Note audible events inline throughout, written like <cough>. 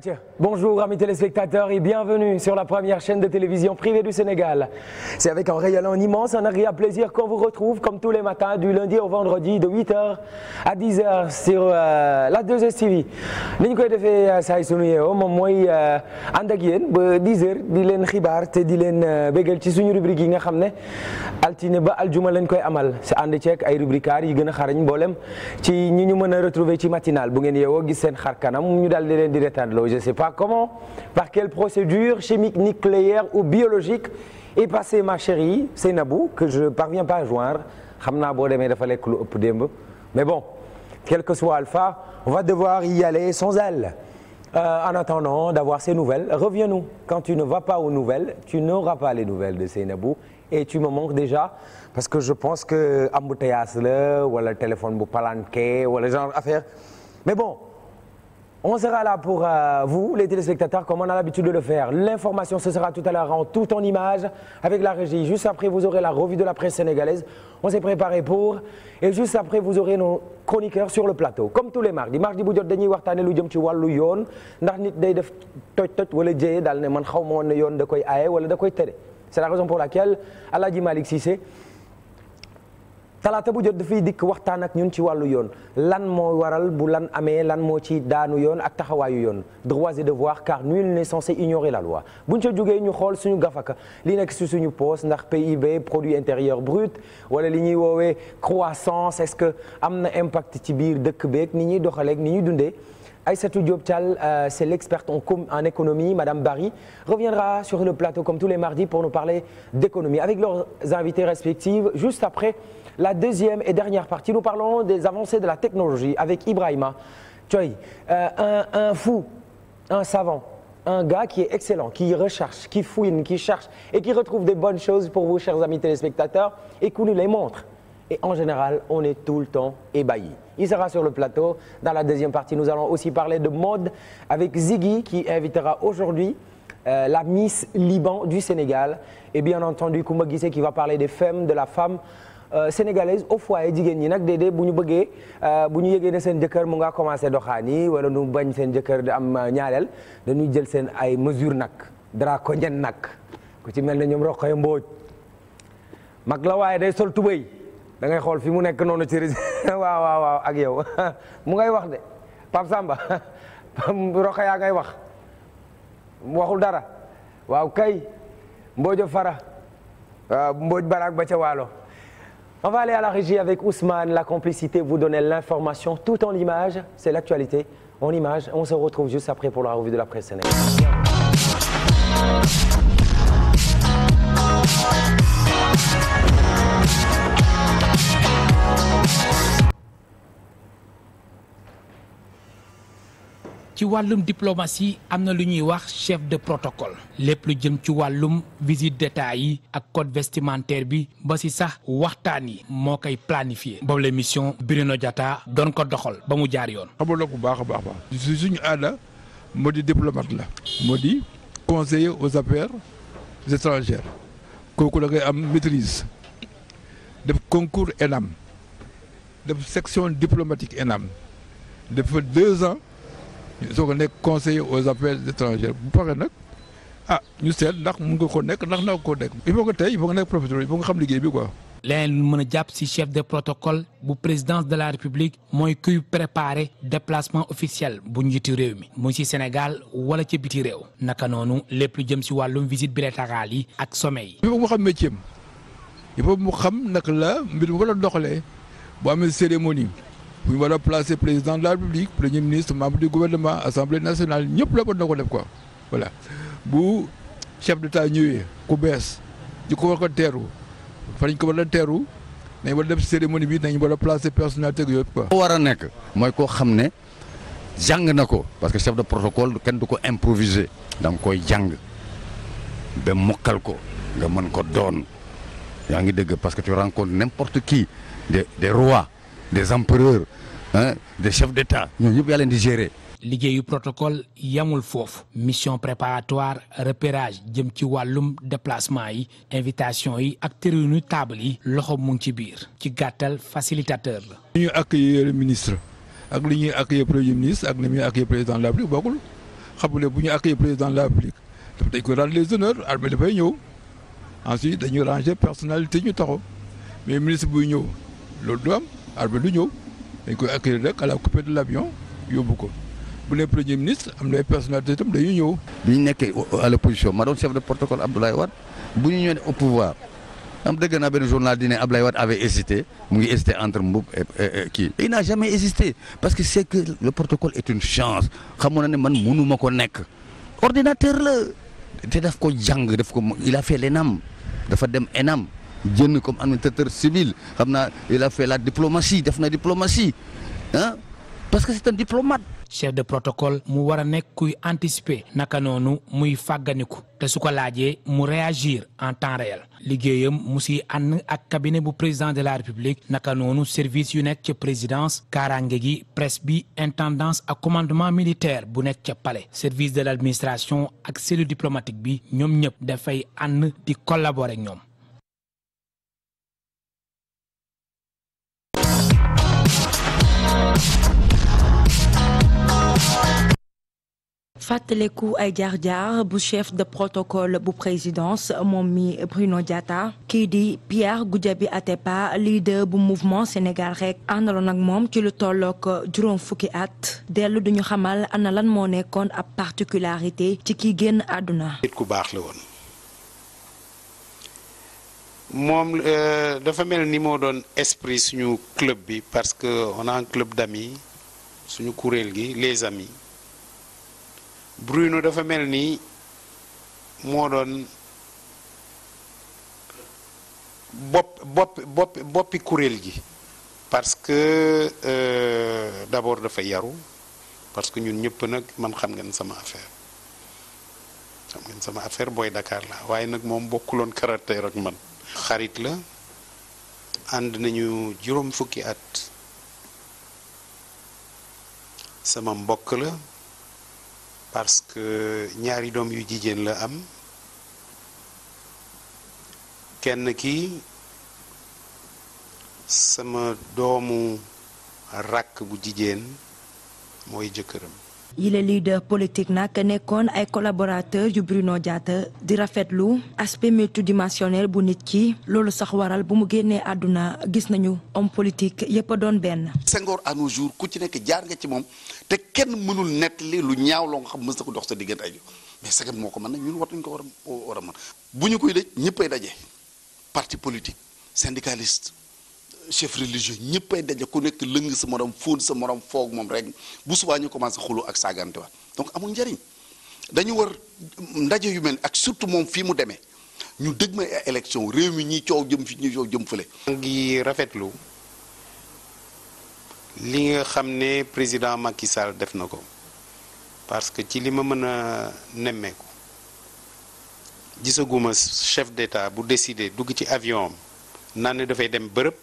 chưa Bonjour amis téléspectateurs et bienvenue sur la première chaîne de télévision privée du Sénégal. C'est avec un rayonnement immense, un agréable plaisir qu'on vous retrouve comme tous les matins du lundi au vendredi de 8h à 10h sur euh, la 2STV. Ni ñu koy defee euh, saay sunu yeewoo moom mooy euh, ànd ak yéen ba 10h di leen xibaar te di leen bégal ci suñu rubrique yi nga xam ne altine ba aljuma lañ koy amal si ànd ceeg ay rubricaires yi gën a xarañ mboolem ci ñi ñu mën a retrouver ci b bu ngeen yeewoo gis seen xar kanam ñu daal di leen di retarder je Par comment Par quelle procédure chimique, nucléaire ou biologique est passée ma chérie Seynabou que je parviens pas à joindre xam naa boo demee dafa lekk lu ëpp démb mais bon quel que soit Alpha on va devoir y aller sans elle euh, en attendant d'avoir ses nouvelles reviens-nous quand tu ne vas pas aux nouvelles tu n'auras pas les nouvelles de Seynabou et tu me manques déjà parce que je pense que embouteillage la wala téléphone bu palanqué wala genre affaire mais bon On sera là pour euh, vous, les téléspectateurs, comme on a l'habitude de le faire. L'information, ce sera tout à l'heure en tout en images avec la régie. Juste après, vous aurez la revue de la presse sénégalaise. On s'est préparé pour. Et juste après, vous aurez nos chroniqueurs sur le plateau. Comme tous les mardis mardi bu jot dañuy waxtaane lu jëm ci wàllu yoon ndax nit day def toj-toj wala jéye daal ne man xaw ma woon ne yoon da koy aaye wala da koy tere. C'est la raison pour laquelle Aladji Malick Cissé. talaata bu jot dafay dikk waxtaan ak ñun ci wàllu yoon lan moo waral bu lan amee lan moo ci daanu yoon ak taxawaayu yoon droits et devoirs car nul n'est censé ignorer la loi buñ ca jógee ñu xool suñu gafaka li nekk si suñu poos ndax PIB produit intérieur brut wala li ñuy woowee croissance est-ce que am na impact ci biir dëkk beek ni ñuy doxaleeg ni ñuy dundee Aïssatou Diop Tall, euh, c'est l'experte en, en économie, Madame Barry, reviendra sur le plateau comme tous les mardis pour nous parler d'économie avec leurs invités respectifs. Juste après la deuxième et dernière partie, nous parlons des avancées de la technologie avec Ibrahima Choy, euh, un, un fou, un savant un gars qui est excellent, qui recherche, qui fouine, qui cherche et qui retrouve des bonnes choses pour vous, chers amis téléspectateurs, et qu'on nous les montre. et en général, on est tout le temps ébahi. Il sera sur le plateau. Dans la deuxième partie, nous allons aussi parler de mode avec Ziggy qui invitera aujourd'hui euh, la Miss Liban du Sénégal et bien entendu Koumba Guissé qui va parler des femmes, de la femme euh, sénégalaise au foyer jigéen ñi nag déedéet bu ñu bëggee euh, bu ñu yëgee ne seen jëkkër mu nga commencé doxaani wala nu bañ seen jëkkër di am euh, ñaareel dañuy jël seen ay mesures nag draconiennes nag ku ci mel ne ñoom Rokhaya Mbodj la waaye day sol tubéy da ngay xool fi mu nekk noonu ci <laughs> waaw waaw waaw <laughs> mu ngay wax de Pape Samba <laughs> roqa ngay wax waxul dara waaw kay mboojo fara waaw mbooj ba ca waalo on va aller à la régie avec Ousmane la complicité vous donner l'information tout en image c'est l'actualité en image on se retrouve juste après pour la revue de la presse sénégalaise ci wàllum diplomatie am na lu ñuy wax chef de protocole lépp lu jëm ci wàllum visite d'état yi ak code vestimentaire bi ba si sax waxtaan yi moo koy planifier boobu la mission Bruno Diatta doon ko doxal ba mu jaar yoon. xamaloo ko baax a baax baax suñu aada moo di diplomate la. moo di conseiller aux affaires étrangères kooku la am maitrise def concours ENAM def section diplomatique ENAM def ans. soog a nekk conseiller aux affaires étrangères bu paree nag ah ñu seet ndax mun nga ko nekk ndax naa ko nekk il faut que tey il faut nga nekk professeur il faut nga xam liggéey bi quoi. leneen mën a jàpp ci chef de protocole bu présidence de la république mooy kuy préparer déplacement officiel bu njiitu réew mi mu ci Sénégal wala ci biti réew naka noonu lépp lu jëm ci wàllum visite bilatérale yi ak sommet yi. il faut mu xam métier il faut mu xam naka la mbir mi war a bu ñu war a placer président de la république premier ministre membre du gouvernement assemblée nationale ñëpp la bon na ko def quoi voilà bu chef d'état ñëwee ku bees di ko war ko teeru fa ñu ko war a teeru nañ war a def cérémonie bi nañ war a placer personnalité yooyu quoi. ko war a nekk mooy koo xam ne jàng na ko parce que chef de protocole kenn du ko improviser da nga koy jàng ba mokkal ko nga mën ko doon yaa ngi dégg parce que tu rencontres n'importe qui des des rois. des empereurs ah des chefs d'État ñoo ñëpp yaa leen di gérer. liggéeyu protocole yamul foofu mission préparatoire répérage jëm ci wàllum déplacement yi invitation yi ak tërinu table yi loxo mu ngi ci biir ci gàttal facilitateur la. li ñuy accueillir le ministre ak li ñuy accueillir premier ministre ak li ñuy accueillir président de la République bokkul xam nga bu ñu accueillir président de la République dafa dañ ko rendre les honneurs armée dafay ñëw ensuite dañuy ranger personnalité ñu taxaw mais ministre buy ñëw loolu arbitre du ñëw dañ koy accueillir rek à la coupée de l' avion yóbbu ko bu nee premier ministre am na ay personnalités itam dañuy ñëw. bi ñu nekkee à l' opposition ma doon chef de protocole Abdoulaye Wade bu ñu ñëwee au pouvoir am dëgg na benn journal di ne Abdoulaye ave avait hésité mu ngi hésité entre Mboup et kii. il n'a jamais hésité parce que c'est que le protocole est une chance xamoon na ne man mënu ma ko nekk ordinateur la te daf ko jàng daf ko il a fait l'ENAM dafa dem ENAM. jënn comme administrateur civil xam naa il a fait la diplomatie def na diplomatie ah parce que c'est un diplomate. chef de protocole mu war a nekk kuy anticiper naka noonu muy fàgganiku te su ko laajee mu réagir en temps réel liggéeyam mu si ànd ak cabinet bu président de la république naka noonu service yu nekk ca présidence kaaraange gi presse bi intendance ak commandement militaire bu nekk ca pale service de l'administration ak cellule diplomatique bi ñoom ñëpp dafay ànd di collaborer ñoom. fàttaleku ay jaar-jaar bu chef de protocole bu présidence moom mi Bruno Diatta kii di Pierre Goudiaby Atepa leader bu mouvement Sénégal rek àndaloon ak moom ci lu tollook juróom fukki at dellu duñu xamal ana lan moo nekkoon ab particularité ci ki génn àdduna ku baax la woon euh, dafa mel ni moo doon esprit suñu club parce que on suñu kuréel gi les amis Bruno dafa mel nii moo doon bopp bopp boppi kuréel gi parce que euh, d'abord dafa yaru parce que ñun ñëpp nag man xam ngeen sama affaire xam ngeen sama affaire booy dakaar la waaye nag moom bokkuloon caractère ak man xarit la ànd nañu juróom fukki at sama mbokk la parce que ñaari doom yu jigéen la am kenn kii sama doomu rakk bu jigéen mooy jëkkëram yile leader politique nag nekkoon ay collaborateur yu Bruno Diatta di rafetlu aspect dimensionnel bu nit ki loolu sax waral bu mu génnee àdduna gis nañu homme politique yépp a doon benn. Senghor à nos jours ku ci nekk jaar nga ci moom te kenn mënul nettali lu ñaaw loo xam mës na ko dox sa diggante ay mais sagam moo ko man nag ñun war nañu ko war a war a mën bu ñu koy dëj ñëppay daje parti politique syndicaliste. chef religieux ñëpp ay daje ku nekk lëng sa moroom fóon sa morom foog moom rek bu subaa ñu commencé xuloo ak saagante waat donc amul njariñ dañu war ndaje yu mel ak surtout moom fii mu demee ñu dëgg ma ay élection réew mi ñi coow jëm fi ñi coow jëm fële. ngi rafetlu li nga xam ne président Macky Sall def na ko parce que ci li ma mën a nemmeeku gisaguma chef d'état bu décidé dugg ci avion am naa ne dafay dem bërëb.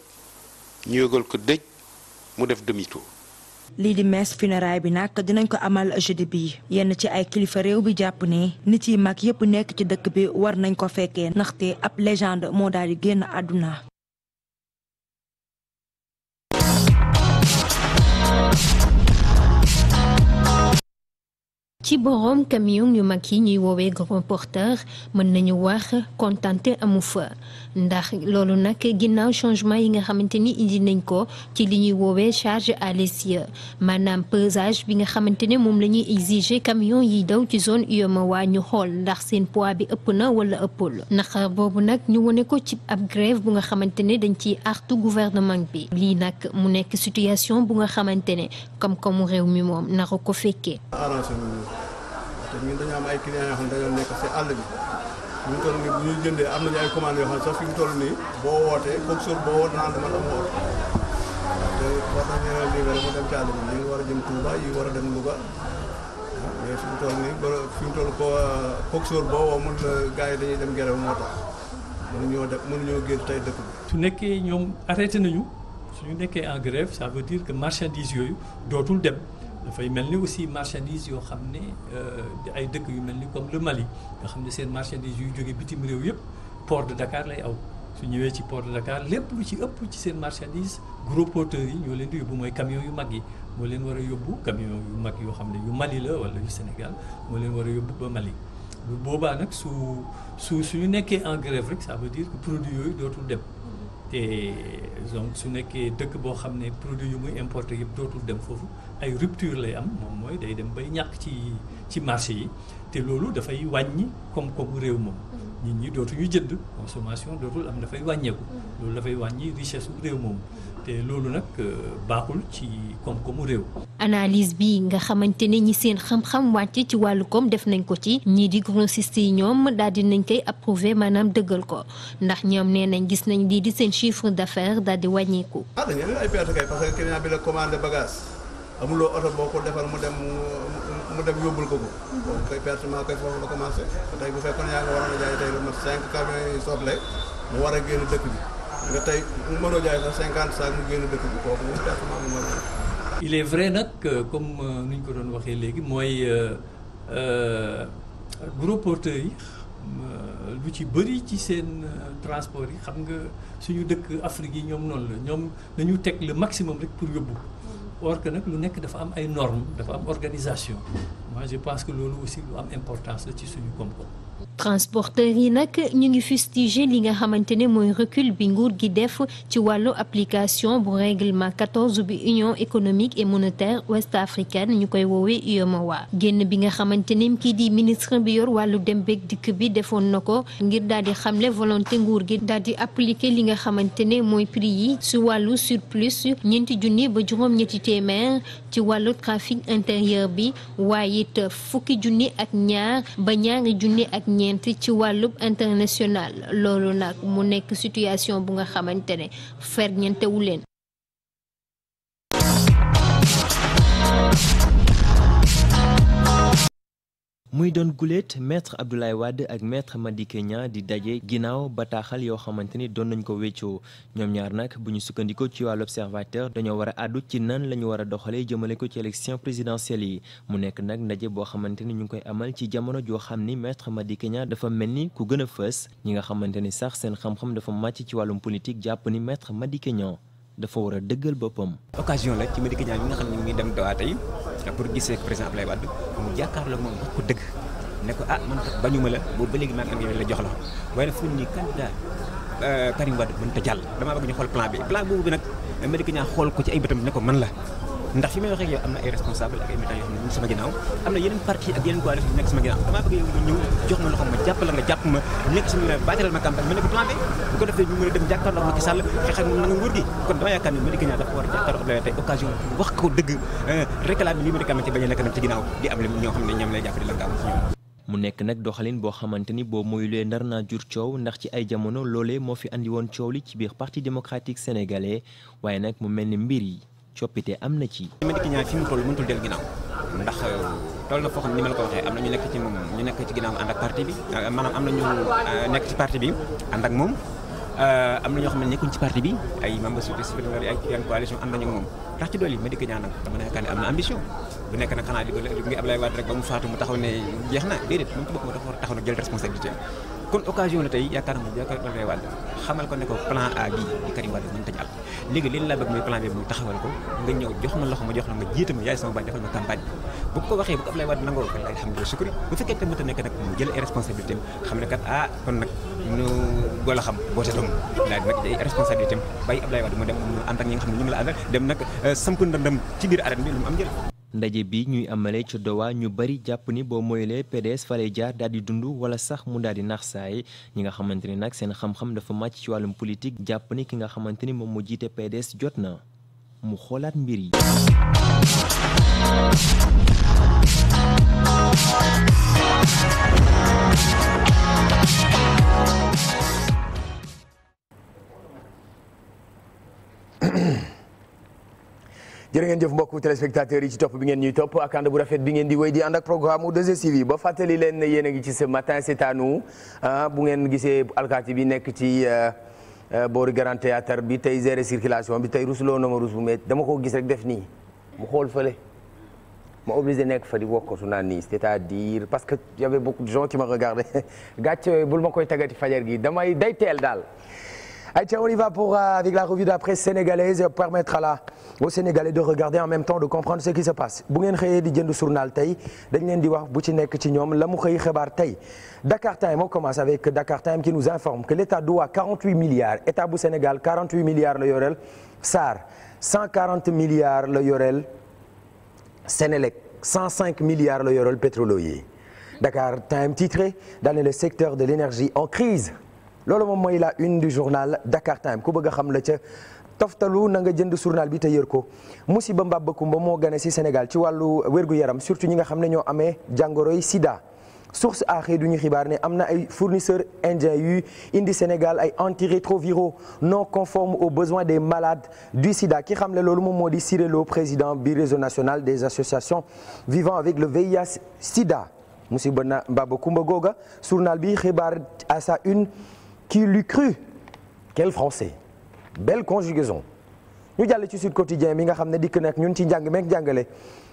ñu di messe bi nag dinañ ko amal jeudi yenn ci ay kilifa réew bi jàpp ne nit yi mag yépp nekk ci dëkk bi war nañ ko fekkee ndaxte ab légende moo daal génn àdduna. ci boroom camion yu mag yi ñuy woowee grand mën nañu wax kontante amu fa ndax loolu nag ginnaaw changement yi nga xamante ni indi nañ ko ci li ñuy woowee charge à l'essieu maanaam pesage bi nga xamante ne moom lañuy ñuy camion yiy daw ci zone UEMOA ñu xool ndax seen pois bi ëpp na wala ëppul naqar boobu nag ñu wone ko ci ab grève bu nga xamante ne dañ ci artu gouvernement bi lii nag mu nekk situation bu nga xamante ne koom réew mi moom nax ko fekkee. ñu ngi toll nii bu ñuy jëndee am nañu ay commandes yoo xam ne sax fi toll nii boo wootee kooku suur boo woot naan dama am woot te war nañu leen libéré mu ñu a jëm war a dem Louga mais fi ko kooku boo woo gars yi dañuy dem gerew moo tax mënuñoo def mënuñoo génn tey dëkk su nekkee ñoom arrêté nañu suñu nekkee engrais grève ça dire que marchandise yooyu dootul dem. dafay mel ni aussi marchandise yoo xam ne euh, ay dëkk yu mel ni comme le Mali nga xam ne seen marchandise yuy jóge bitim réew yëpp port de Dakar lay aw su ñëwee ci port de Dakar lépp lu ci ëpp ci seen marchandise gros porteurs yi ñoo leen di yóbbu mooy camion yu mag yi moo leen war a yóbbu camion yu mag yoo xam ne yu Mali la wala yu Sénégal moo leen war a yóbbu ba Mali bu boobaa nag su su su ñu nekkee en grève rek ça veut dire que produit yooyu dootul dem mm-hmm. te donc su nekkee dëkk boo xam ne produit yu muy importé yëpp dootul dem foofu ay rupture lay am moom mooy day dem bay ñàkk ci ci marché yi te loolu dafay wàññi koom-koomu réew moom mm-hmm. nit ñi dootuñu jënd consommation dootul am dafay wàññeeku mm-hmm. loolu dafay wàññi richesse u réew moom mm-hmm. te loolu nag euh, baaxul ci kom koomu réew analise bi nga xamante ni ñi seen xam-xam wàcc ci wàllu koom def nañ ko ci ñii di grossiste yi ñoom daal di nañ koy approuvé maanaam dëggal ko ndax ñoom nee nañ gis nañ lii di seen chiffre d'affaires daal di wàññeeku ah dañu amuloo oto boo ko defar mu dem mu dem yóbbul ko ko. donc koy perte koy foofu la commencé. bu fekkoon yaa ngi waroon a jaay tey lu mat cinq camions yi soble mu war a génn dëkk bi nga tey mu mënoo jaay sax cinquante sacs mu génn dëkk bi kooku moom perte maa moom il est vrai nag comme euh, ni ñu ko doon waxee léegi mooy euh, euh, gros porteurs yi lu ci bëri ci seen transport yi xam nga suñu dëkk Afrique yi ñoom noonu la ñoom dañu teg le maximum rek pour yóbbu. war que nag lu nekk dafa am ay normes dafa am organisation moi je pense que loolu aussi lu am importance ci suñu koom-koom transporteur yi nag ñu ngi fustiger li nga xamante ne mooy recule bi nguur gi def ci wàllu application bu règlement 14 bi union économique et monétaire ouest africaine ñu koy woowee UEMOA génn bi nga xamante ne kii di ministre bi yor wàllu dem beeg dikk bi defoon na ko ngir daal di xamle volonté nguur gi daal di appliquer li nga xamante ne mooy prix yi su wàllu surplus ñeenti junni ba juróom-ñetti téeméer ci wàllu trafic intérieur bi waaye it fukki junni ak ñaar ba ñaari junni ak ak ñeent ci wàllu international loolu nag mu nekk situation bu nga xamante ne ferñeentewu leen muy doon guléet maître Abdoulaye Wade ak maître Madické Niang di daje ginnaaw bataaxal yoo xamante ni doon nañ ko wéccoo ñoom ñaar nag bu ñu sukkandikoo ci wàllu observateur dañoo war a àddu ci nan la ñu war a doxalee jëmale ko ci élection présidentielle yi mu nekk nag ndaje boo xamante ni ñu ngi koy amal ci jamono joo xam ni maitre Madické Niang dafa mel ni ku gën a fës ñi nga xamante ni sax seen xam-xam dafa màcc ci wàllum politique jàpp ni maître Madické Niang dafa war a dëggal boppam. occasion la ci Madické Niang bi nga xam ne ñu ngi dem dawaa tey pour gisee ak président Abdoulaye Wade mu jàkkaarloo moom wax ko dëgg ne ko ah man kat bañu ma la boobu ba léegi maa ngi am yow la jox la waaye nag fu ni candidat euh, Karim Wade mënut a jàll damaa bëgg ñu xool plan bi plan boobu bi nag Madické Niang xool ko ci ay bëtam ne ko man la. ndax fi may wax ak am na ay responsable ak ay militants yoo xam ne sama ginnaaw am na yeneen parti ak yeneen coalition nekk sama ginnaaw damaa bëgg yow ñëw jox ma loxo ma jàpp la nga jàpp ma nekk sama ginnaaw baatalal ma ñu mën a dem jàkkaarloo Macky kon wax ko dëgg euh, réclamer li mu réclamer ci a nekk nag ci ginnaaw di am li ñoo xam ne ñoom lay jàpp di la gaaw mu nekk nag doxalin boo xamante ni boo moyulee ndar naa jur coow ndax ci ay jamono loolee moo fi indi woon coow li ci biir parti démocratique sénégalais waaye nag mu mel ni mbir yi coppite am na ci. Madické Niang fi mu toll mënutul del ginnaaw ndax euh, toll na foo xam ni ma la ko waxee am na ñu nekk ci ñu nekk ci ginnaaw ànd ak euh, na ñu euh, nekk bi moom am na ñoo xam ne nekkuñ ci parti bi ay membres supérieurs yi ay yan coalition ànd nañu ak moom tax ci dolli Madické Niang nag dama yaakaar ne am na ambition bu nekk nag xanaa li li Abdoulaye Wade rek ba mu faatu mu taxaw ne jeex na déedéet moom ci boppam dafa war a taxaw nag jël responsabilité kon occasion la tey yaakaar naa ne yaakaar naa ne Abdoulaye Wade xamal ko ne ko plan A bii di Karim Wade mënut léegi leen laa bëgg mooy plan B muy taxawal ko nga ñëw jox ma loxo ma jox la nga jiite ma yaay sama baay defal ma campagne bu ko waxee bu ko Abdoulaye Wade nangoo ko alhamdulilah sukuri bu fekkee tamit nekk nag mu jël ay responsabilité am xam ne kat ah kon nag boo teetoon daal di nag ay responsabilité mu dem ñi nga xam ne ñu la àndal dem nag euh, samp ndandam ci biir arène bi lu mu am jël ndaje bi ñuy amale ci Doha ñu bari jàpp ni boo moylee PDS fa lay jaar daal di dund wala sax mu daal di nax saay ñi nga xamante ni nag seen xam-xam dafa màcc ci wàllum politik jàpp ni ki nga xamante ni moom moo jiite PDS jot na mu xoolaat mbir yi. <clears throat> jërë ngeen jëf mbokku téléspectateurs yi ci topp bi ngeen ñuy topp ak ànd bu rafet bi ngeen di wéy di ànd ak programme mu 2 ba fàttali leen ne yéen a ngi ci matin c'est à nous ah, bu ngeen gisee alkaati bi nekk ci euh, euh, booru Grand Théâtre bi tey gérer circulation bi tey rusloo na ma rus bu métti dama ko gis rek def ni mu xool fale ma obligé nekk fa di wokkatu naa nii c'est-à-dire parce que y avait beaucoup de gens qui me regardaient <laughs> gàcce bul ma koy tagati fajar gi damay day teel daal. Aïcha, on y va pour, euh, avec la revue de la presse sénégalaise permettre à la aux Sénégalais de regarder en même temps di jënd tey dañ leen di wax bu ci nekk ci ñoom la mu xëy xibaar tey Dakar Time on commence avec Dakar Time qui nous informe que l'État doit 48 milliards État bu Sénégal 48 milliards la yoreel la yoreel Sénélec 105 milliards la yoreel pétrolier yi Dakar Time titré dans le secteur de l'énergie en crise loolu moom mooy la une du journal Dakar Time ku bëgg a xam la ca toftalu na nga jënd journal bi te yër ko musiba mbàbb kumba moo gane si Sénégal ci wàllu wér-gu-yaram surtout ñi nga xam ne ñoo amee jàngoroy sida source a du ñu xibaar ne am na ay fournisseur indiens yuy indi Sénégal ay antirétroviraux non conformes aux besoins des malades du sida ki xam ne loolu moom moo di Ciré Lo président bi réseau national des associations vivant avec le VIH sida musiba mbàbb kumba googa journal bi xibaar à sa une Qui l'eût cru quel français belle conjugaison ñu jàll ci Sud Quotidien bi nga xam ne dikk nag ñun ci njàng meek njàngale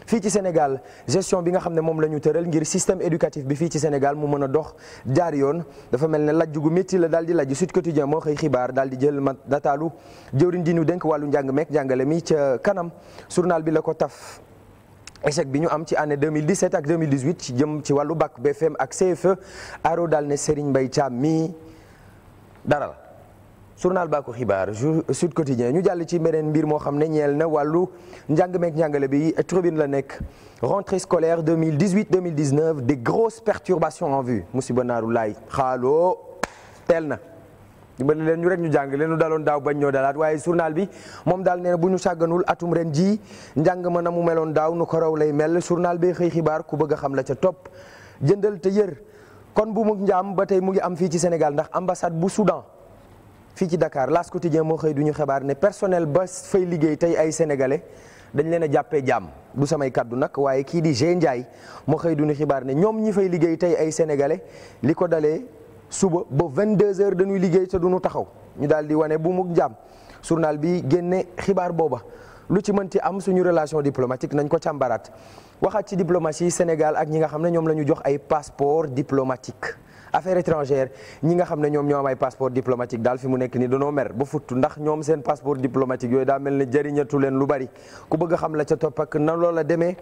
fii ci Sénégal gestion bi nga xam ne moom la ñu tëral ngir système éducatif bi fii ci Sénégal mu mën a dox jaar yoon dafa mel ne lajj gu metti la daal di lajj Sud Quotidien moo xëy xibaar daal di jël ma nataalu jëwriñ di ñu dénk wàllu njàng meek njàngale mi ca kanam journal bi la ko taf échec bi ñu am ci année 2017 ak ci jëm ci wàllu bac BFM ak CFE aro daal ne Serigne Mbaye mii dara la journal baa ko xibaar Sud Quotidien ñu jàll ci beneen mbir moo xam ne ñeel na wàllu njàng meek njàngale bi eh, tribune la nekk rentrée scolaire 2018 2019 des grosses perturbations mu vue musiba naaru laay xaaloo teel na dimbali leen ñu rek ñu jàng leen ñu daloon daaw bañ ñoo dalaat waaye journal bi moom daal nee bu ñu sàgganul atum ren ji njàng ma na mu meloon daaw nu ko raw lay mel journal bi xëy xibaar ku bëgg a xam la ca topp jëndal te yër kon bu mu njaam ba tey mu ngi am fii ci Sénégal ndax ambassade bu Soudan fii ci Dakar L'As Quotidien moo xëy du ñu xibaar ne personnel ba fay liggéey tey ay sénégalais dañ leen a jàppee jaam du samay kàddu nag waaye kii di G Ndiaye moo xëy du ñu xibaar ne ñoom ñi fay liggéey tey ay sénégalais li ko dalee suba ba deux heures dañuy liggéey te duñu taxaw ñu daal di wane bu mu njaam journal bi génne xibaar booba. lu ci mën ci am suñu relation diplomatique nañ ko càmbaraat waxaat ci diplomatie Sénégal ak ñi nga xam ne ñoom la ñu jox ay passeport diplomatique affaire étrangère ñi nga xam ne ñoom ñoo am ay passeport diplomatique daal fi mu nekk nii danoo mer ba futt ndax ñoom seen passeport diplomatique yooyu daa mel ne jëriñatu leen lu bari ku bëgg a xam la ca topp ak na loola demee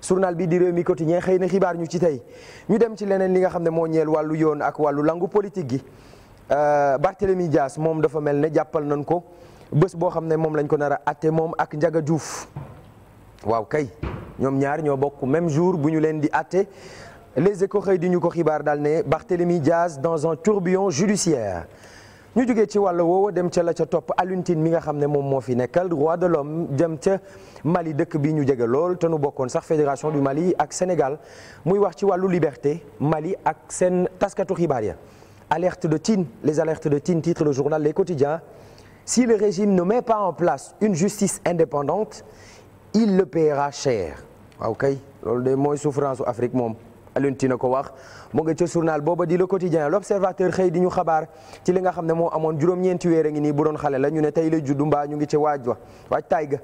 journal bi di réew mi quotidien xëy na xibaar ñu ci tey ñu dem ci leneen li nga xam ne moo ñeel wàllu yoon ak wàllu langu politique gi euh, Barthélémy Dias moom dafa mel ne jàppal nañ ko bës boo xam ne moom lañ ko nar a atte moom ak njaga Diouf waaw kay ñoom ñaar ñoo bokk même jour bu ñu leen di atte les éco xëy di ñu ko xibaar daal ne Barthélémy Diaz dans un tourbillon judiciaire ñu jóge ci wàll woowa dem ca la ca topp Alioune mi nga xam ne moom moo fi nekkal roi de l'homme dem ca Mali dëkk bi ñu jege lool te nu bokkoon sax fédération du Mali ak Sénégal muy wax ci wàllu liberté Mali ak seen taskatu xibaar ya alerte de tin les alertes de Tine titre le journal Les Si le régime ne met pas en place une justice indépendante il le paiera cher waaw ah, kay loolu de mooy souffrance u Afrique moom alunti na ko wax mu nga ca journal booba di le quotidien l'observateur xëy di ñu xabaar ci li nga xam ne moo amoon juróom-ñeenti weer a ngi nii bu doon xale la ñu ne tey la juddu mbaa ñu ngi ci waaj wa waaj taay ga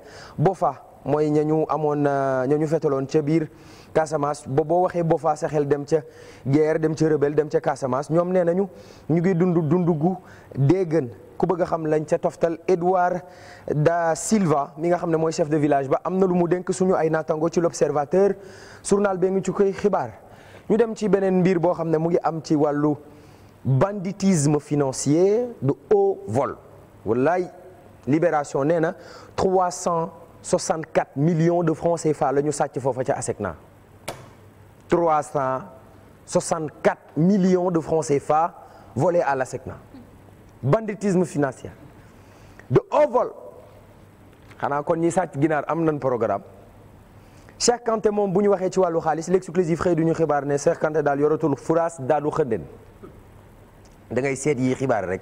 fa mooy ña ñu amoon ña ñu fetaloon ca biir Casamance ba boo waxee Bofa sa xel dem ca guerre dem ca rebelle dem ca Casamance ñoom nee nañu ñu ngi dund dund gu déggën ku bëgg xam lañ ca toftal Edouard da Silva mi nga xam ne mooy chef de village ba am na lu mu dénk suñu ay naatango ci l'observateur journal bee ngi ci koy xibaar ñu dem ci beneen mbir boo xam ne mu ngi am ci wàllu banditisme financier de haut vol wallaay libération nee na 364 millions de francs CFA la ñu sàcc foofa ca ASECNA trois cent soixante quatre millions de francs CFA volés à l'ASECNA banditisme financier de haut vol xanaa kon ñi sàcc ginaar am nañ programme Cheikh Kanté moom bu ñu waxee ci wàllu xaalis l'exclusif xëy duñu xibaar ne Cheikh Kanté daal yoratul furaas daadu xënden da ngay seet yi xibaar rek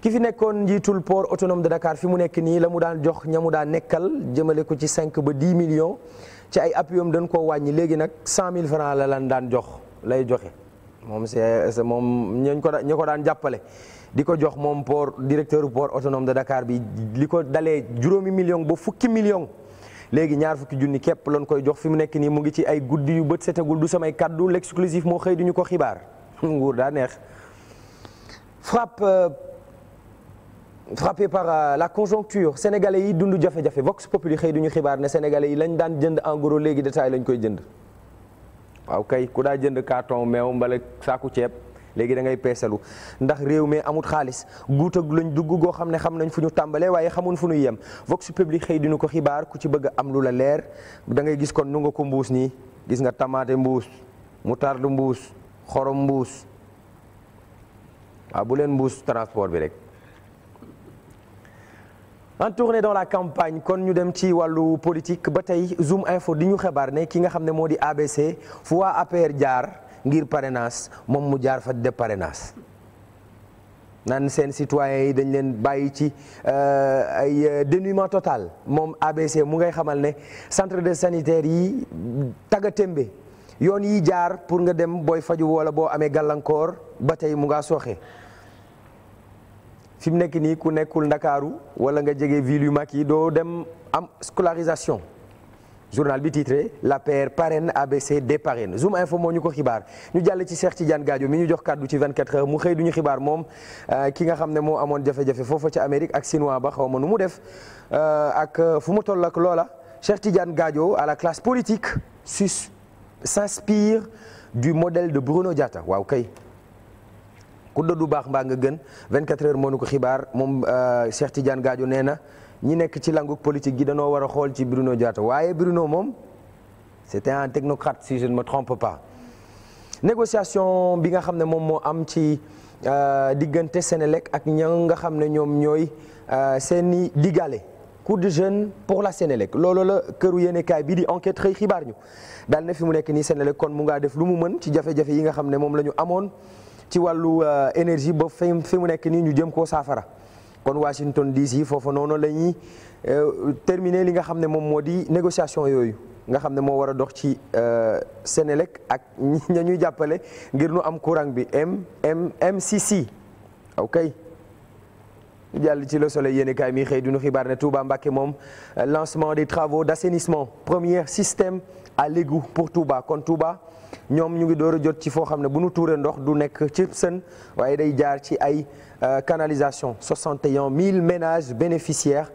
ki fi nekkoon njiitul port autonome de Dakar fi mu nekk nii la mu daan jox ña mu daan nekkal jëmale ko ci cinq ba 10 millions ci ay appui am dañ koo wàññi léegi nag cent mille francs la lan daan jox lay joxe moom c'est moom ñooñ ko ñi ko daan jàppale di ko jox moom por directeur port autonome de Dakar bi li ko dalee juróomi million ba fukki million léegi ñaar fukki junni képp lañ koy jox fi mu nekk nii mu ngi ci ay guddi yu bët setagul du samay kaddu l'exclusif moo xëy duñu ko xibaar <laughs> nguur daa neex frappe euh, frappé par euh, la conjoncture sénégalais yi dund jafe-jafe vox populi xëy duñu xibaar ne sénégalais yi lañ daan jënd en gros léegi détail lañ koy jënd waaw kay ku daa jënd carton meew mbala saaku ceeb léegi da ngay peesalu ndax réew mi amut xaalis guut ak lañ dugg goo xam ne xam nañ fu ñu tàmbalee waaye xamuñ fu ñu yem vox public xëy dinu ko xibaar ku ci bëgg am lu la leer da ngay gis kon nu ko mbuus nii gis nga tamaate mbuus mu moutarde mbuus xorom mbuus waaw bu mbuus transport bi rek en tournée dans la campagne kon ñu dem ci wàllu politique ba tey zoom info di ñu xibaar ne ki nga xam ne moo di ABC fu waa APR jaar ngir parrainage moom mu jaar fa de parrainage naan seen citoyens yi dañ leen bàyyi ci euh, ay euh, dénuement total moom ABC mu ngay xamal ne centre de sanitaire yi tagga témbe yoon yi jaar pour nga dem booy faju wala boo amee gàllankoor ba tey mu ngaa sooxe fi mu nekk nii ku nekkul ndakaaru wala nga jege ville yu mag yi doo dem am scolarisation journal bi titré l'APR parraine ABC déparraine Zoom Info moo ñu ko xibaar ñu jàll ci Cheikh Tidiane Gadio mi ñu jox kàddu ci 24 heures mu xëy ñu xibaar moom euh, ki nga xam ne moo amoon jafe-jafe foofa ca Amérique ak chinois ba xaw ma nu mu def euh, ak euh, fu mu toll ak loola Cheikh Tidiane Gadio à la classe politique sus s'inspire du modèle de Bruno Diatta waaw kay. ku du baax mbaa nga gën 24 heures moo nu ko xibaar moom euh, Cheikh Tidiane Gadio nee na ñi nekk ci langug politique gi danoo war a xool ci Bruno Diatta waaye Bruno moom c'était un technocrate si je ne me trompe pas. négociation bi nga xam ne moom moo am ci euh, diggante Sénélec ak ña nga xam ne ñoom ñooy euh, seeni digale coup de jeune pour la Sénélec loolu la këru yéenekaay bi di enquête xëy xibaar ñu daal na fi mu nekk nii Sénélec kon mu ngaa def lu mu mën ci jafe yi nga xam ne moom la ñu amoon. ci wàllu euh, énergie ba fi fi mu nekk nii ñu jëm koo saafara kon Washington DC foofu noonu la ñuy euh, terminer li nga xam ne moom moo di négociation yooyu nga xam ne moo war a dox ci euh, senelek ak ña ñuy jàppale ngir nu am courant bi M M MCC ok ñu jàll ci la Soleil yéen kaay mi xëy du ñu xibaar ne Touba Mbacké moom lancement des travaux d'assainissement premier système à l'égout pour Touba kon Touba. ñoom ñu ngi door a jot ci foo xam ne bu ñu tuuree ndox du nekk ci seen waaye day jaar ci ay euh, canalisation 61 000 ménages bénéficiaires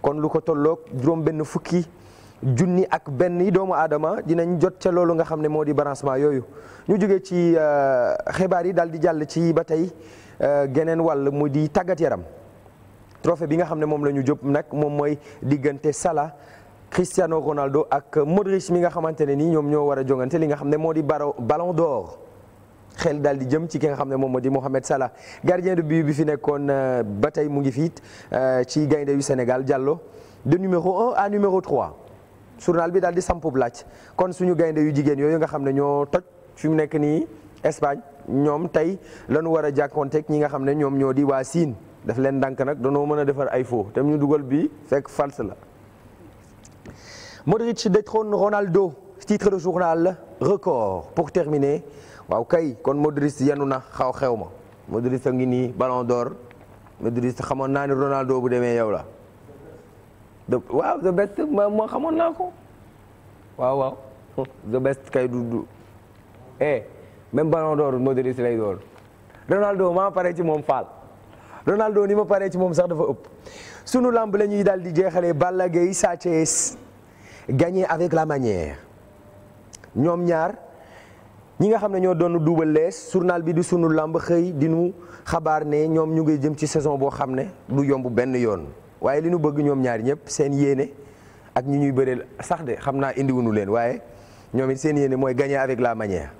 kon lu ko tolloog juróom benn fukki junni ak benn yi doomu aadama dinañ jot ca loolu nga xam ne moo di branchement yooyu ñu jóge ci euh, xibaar yi daal di jàll ci ba tey euh, geneen wàll mu di tàggat yaram trophée bi nga xam ne moom la ñu jóg nag moom mooy diggante sala Cristiano Ronaldo ak Modric mi nga xamante ne nii ñoom ñoo war a jongante li nga xam ne moo di ballon d'or xel daal di jëm ci ki nga xam ne moom moo di Mohamed Salah gardien de but bi fi nekkoon euh, ba tey mu ngi fiit euh, ci gaynde yu Sénégal jàllo de numéro 1 à numéro 3 journal bi daal di sampu laaj kon suñu gaynde yu jigéen yooyu nga xam ne ñoo toj fi mu nekk nii Espagne ñoom tey lañu war a jàkkoonteeg ñi nga xam ne ñoom ñoo di waa Siin daf leen ndànk nag danoo mën a defar ay faux dugal bi fekk fals la. de détrône Ronaldo titre de journal record pour terminer waaw kay kon Modric yanu na xaw xew ma Modric a ngi nii Ballon d'Or Modric xamoon naa ni Ronaldo bu demee yow la waaw the best moo xamoon naa ko waaw waaw <laughs> the best kay du du eh même Ballon d'Or Modric lay door Ronaldo maa pare ci moom faal Ronaldo ni ma paree ci moom sax dafa ëpp sunu lamb la ñuy daal di jeexalee Balla Gaye Sa gagner avec la manière ñoom ñaar ñi nga xam ne ñoo doon duubal lees journal bi di sunu làmb xëy di xabaar ne ñoom ñu ngi jëm ci saison boo xam ne du yomb benn yoon waaye li nu bëgg ñoom ñaar ñëpp seen yéene ak ñu ñuy bëri sax de xam naa indiwunu leen waaye ñoom it seen yéene mooy gagner avec la manière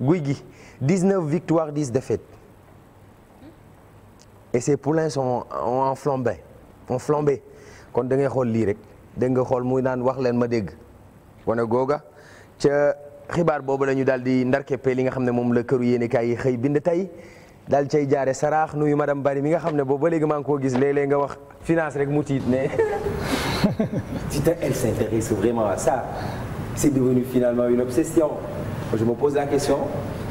guy gi 19 victoires 10 défaites et ces poulains sont en flambé en kon da ngay xool lii rek. dégg nga xool muy naan wax leen ma dégg wane googa ca xibaar boobu la daal di ndarkeppee li nga xam ne moom la këru yéenekaay yi xëy bind tey daal cay jaare saraax nuyu madame Bari mi nga xam ne boobu ba léegi maa ngi koo gis léeg nga wax finance rek mu tiit ne. <laughs> elle s'intéresse vraiment à ça c'est devenu finalement une obsession je me pose la question.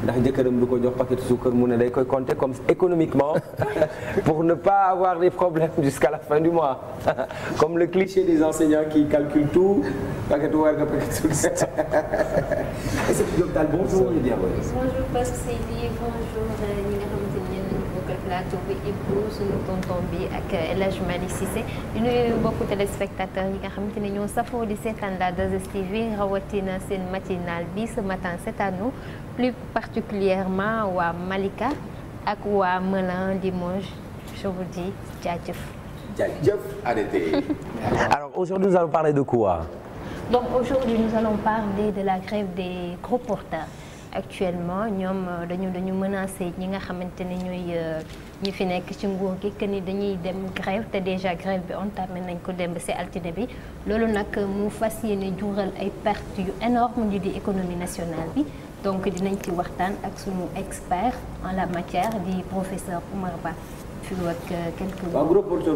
ndax jëkkëram du ko jox paquet suukar mu ne day koy compter comme économiquement <laughs> pour ne pas avoir des problèmes jusqu'à la fin du mois <laughs> comme le cliché des enseignants qui calculent tout paquet war nga paquet suukar. est ce que Diop daal bonjour et bienvenue. bonjour Pape Seydi bonjour ñi nga xamante ne yéen a bokkal plateau bi Ibou suñu tonton bi ak euh, El Hadj Malick Cissé di nuyu mbokku téléspectateurs yi nga xamante ne ñoo safoo di seetaan la 2STV rawatina seen matinal bi ce matin c'est à nous. plus particulièrement waa Malika ak waa Melun Limoges je vous dis jaajëf. jaajëf arrêtez. <laughs> alors aujourd'hui nous allons parler de la grève des gros porteurs actuellement ñoom euh, dañu dañu menacé ñi nga xamante ne ñooy euh, ñi fi nekk ci nguur gi que ni dañuy dem grève te déjà grève bi entamé nañ ko dem ba si altine bi loolu nag mu fas yéene jural ay pertes yu énorme ñu di économie nationale bi. donc dinañ ci waxtaan ak suñu expert en la matière di professeur Oumar Ba fii ak euh, quelques. waaw gros porteur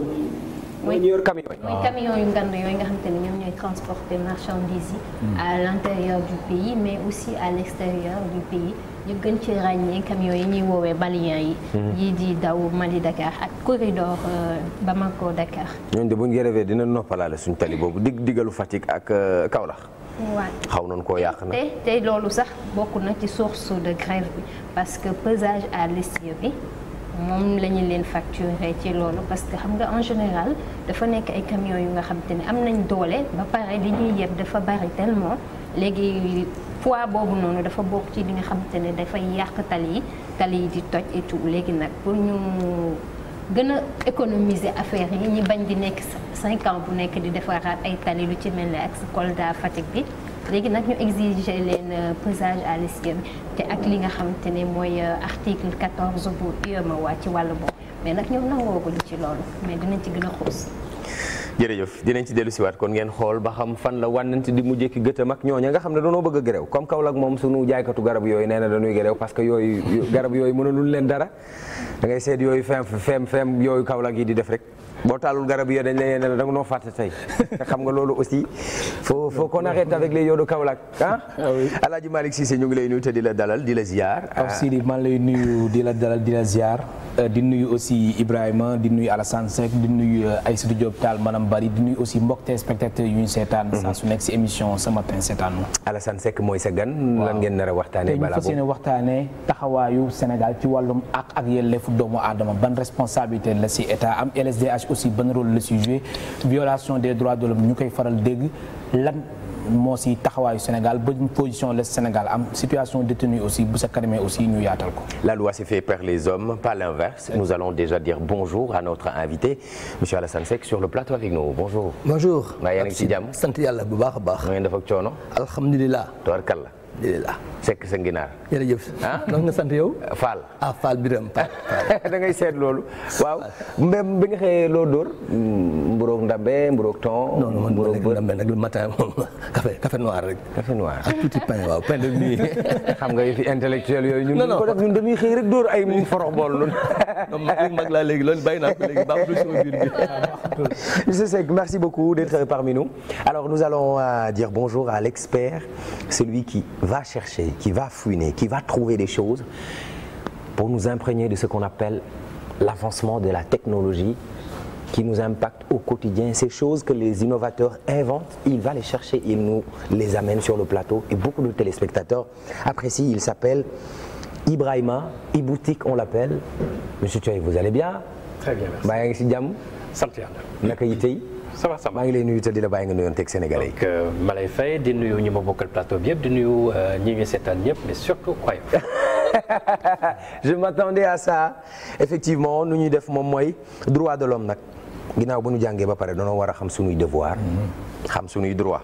mooy ah. nga xam ne ñoom ñooy transporter marchandises yi. Hmm. à l'intérieur du pays mais aussi à l'extérieur du pays ñu gën ci ràññee camion yi ñuy woowee balien yi. Hmm. yii di daw Mali Dakar ak corridor euh, ko Dakar. ñooñu de bu ñu rêvé dina noppalaale suñu tali boobu digg diggalu Fatick ak euh, Kaolack. xaw nañ koo yàq nag. tey te loolu sax bokk na ci source de grève bi parce que pesage à l'essieu bi moom la ñu leen facturer ci loolu parce que xam nga en général dafa nekk ay camions yu nga xam te ne am nañ doole ba pare li ñuy yeb dafa bari tellement léegi pois boobu noonu dafa bokk ci li nga xam te ne dafay yàq tali yi tali yi di toj et léegi nag pour ñu. gën a économiser affaire yi ñu bañ di nekk cinq ans bu nekk di defaraat ay tali lu ci mel ni ak Kolda Fatick bi léegi nag ñu exiger leen euh, pesage à l'essieu te ak li nga xamante ne mooy euh, article 14 bu UEMOA ci wàllu boobu mais nag ñoom nangooguñu ci loolu mais dinañ ci gën a xuus jërëjëf dinañ ci dellu siwaat kon ngeen xool ba xam fan la wànnante di mujjee ki gëtëm ak ñooña nga xam ne dañoo bëgg a gëréw comme Kaolack moom suñu jaaykatu garab yooyu nee na dañuy gëréw parce que yooyu garab yooyu mënalul leen dara dangay ngay seet yooyu fem fem fem yooyu Kaolack yi di def rek boo taalul garab yo dañ lay ne la danga noo fàtte tey te xam nga loolu aussi faut faut qu'on arrête avec les yow de Kaolack ah Alaaji Malick Cissé ñu ngi lay nuyu te di la dalal di la ziar ah, Pape Sidi man lay nuyu di la dalal di la ziar euh, di nuyu aussi Ibrahima di nuyu Alassane Seck di nuyu euh, Aïssatou Diop Tall maanaam bari di nuyu aussi mbokk téléspectateurs yu ñu seetaan mhm. saa su nekk si émission ce matin seetaanu Alassane Seck mooy sa gan lan ngeen nar a waxtaane balaa boobu tey ñu fas waxtaane taxawaayu ci wàllum ak ak yelleefu doomu aadama ban responsabilité la si état am LSDH aussi ban rôle la si joué violation des droits de l'homme ñu koy faral dégg lan moo si taxawaayu Sénégal ba position la Sénégal am situation détenue aussi bu sa kanamee aussi ñu yaatal ko. La loi s'est faite par les hommes pas l'inverse nous allons déjà dire bonjour à notre invité monsieur Alassane sur le plateau avec nous bonjour. bonjour maa ngi leen di sant yàlla bu baax a baax. maa ngi def ak alhamdulilah. sekk sa ginaar. jërëjëf ah donc nga sant yow. Fall ah Fall Birame Fall. <laughs> da ngay seet loolu. waaw même bi nga xëyee loo door mm, mburoog ndambe mburoog thon. non non man mburoog ndambe nag le matin moom café café noir rek. café noir ak tuuti pain waaw pain de nuit. <laughs> xam nga fi intellectuel yooyu. ñun ñu ko def ñun dañuy xëy rek dóor ay mu <laughs> forox bool noonu. non man mag laa léegi loolu bàyyi naa ko léegi baaxul sama biir bi. monsieur Seck merci beaucoup d'être parmi nous. alors nous allons euh, dire bonjour à l'expert celui qui va chercher, qui va fouiner, qui va trouver des choses pour nous imprégner de ce qu'on appelle l'avancement de la technologie qui nous impacte au quotidien. Ces choses que les innovateurs inventent, il va les chercher, il nous les amène sur le plateau et beaucoup de téléspectateurs apprécient. Il s'appelle Ibrahima, Iboutik on l'appelle. Monsieur Thierry, vous allez bien Très bien, merci. Baa yaa ngi si jàmm. sant yàlla. naka yite yi. ça va maa ngi lay nuyu te di la bàyyi nga nuyoon teg Sénégalais yi. Euh, ma lay fay di nuyu ñu ma bokkal plateau bi yëpp di nuyu euh, ñi ñu seetaan ñëpp mais surtout waaye. <laughs> je à ça effectivement nu ñuy def moom mooy droit de l'homme nag ginnaaw ba ñu jàngee ba pare dañoo war a xam suñuy devoir mm-hmm. xam suñuy droit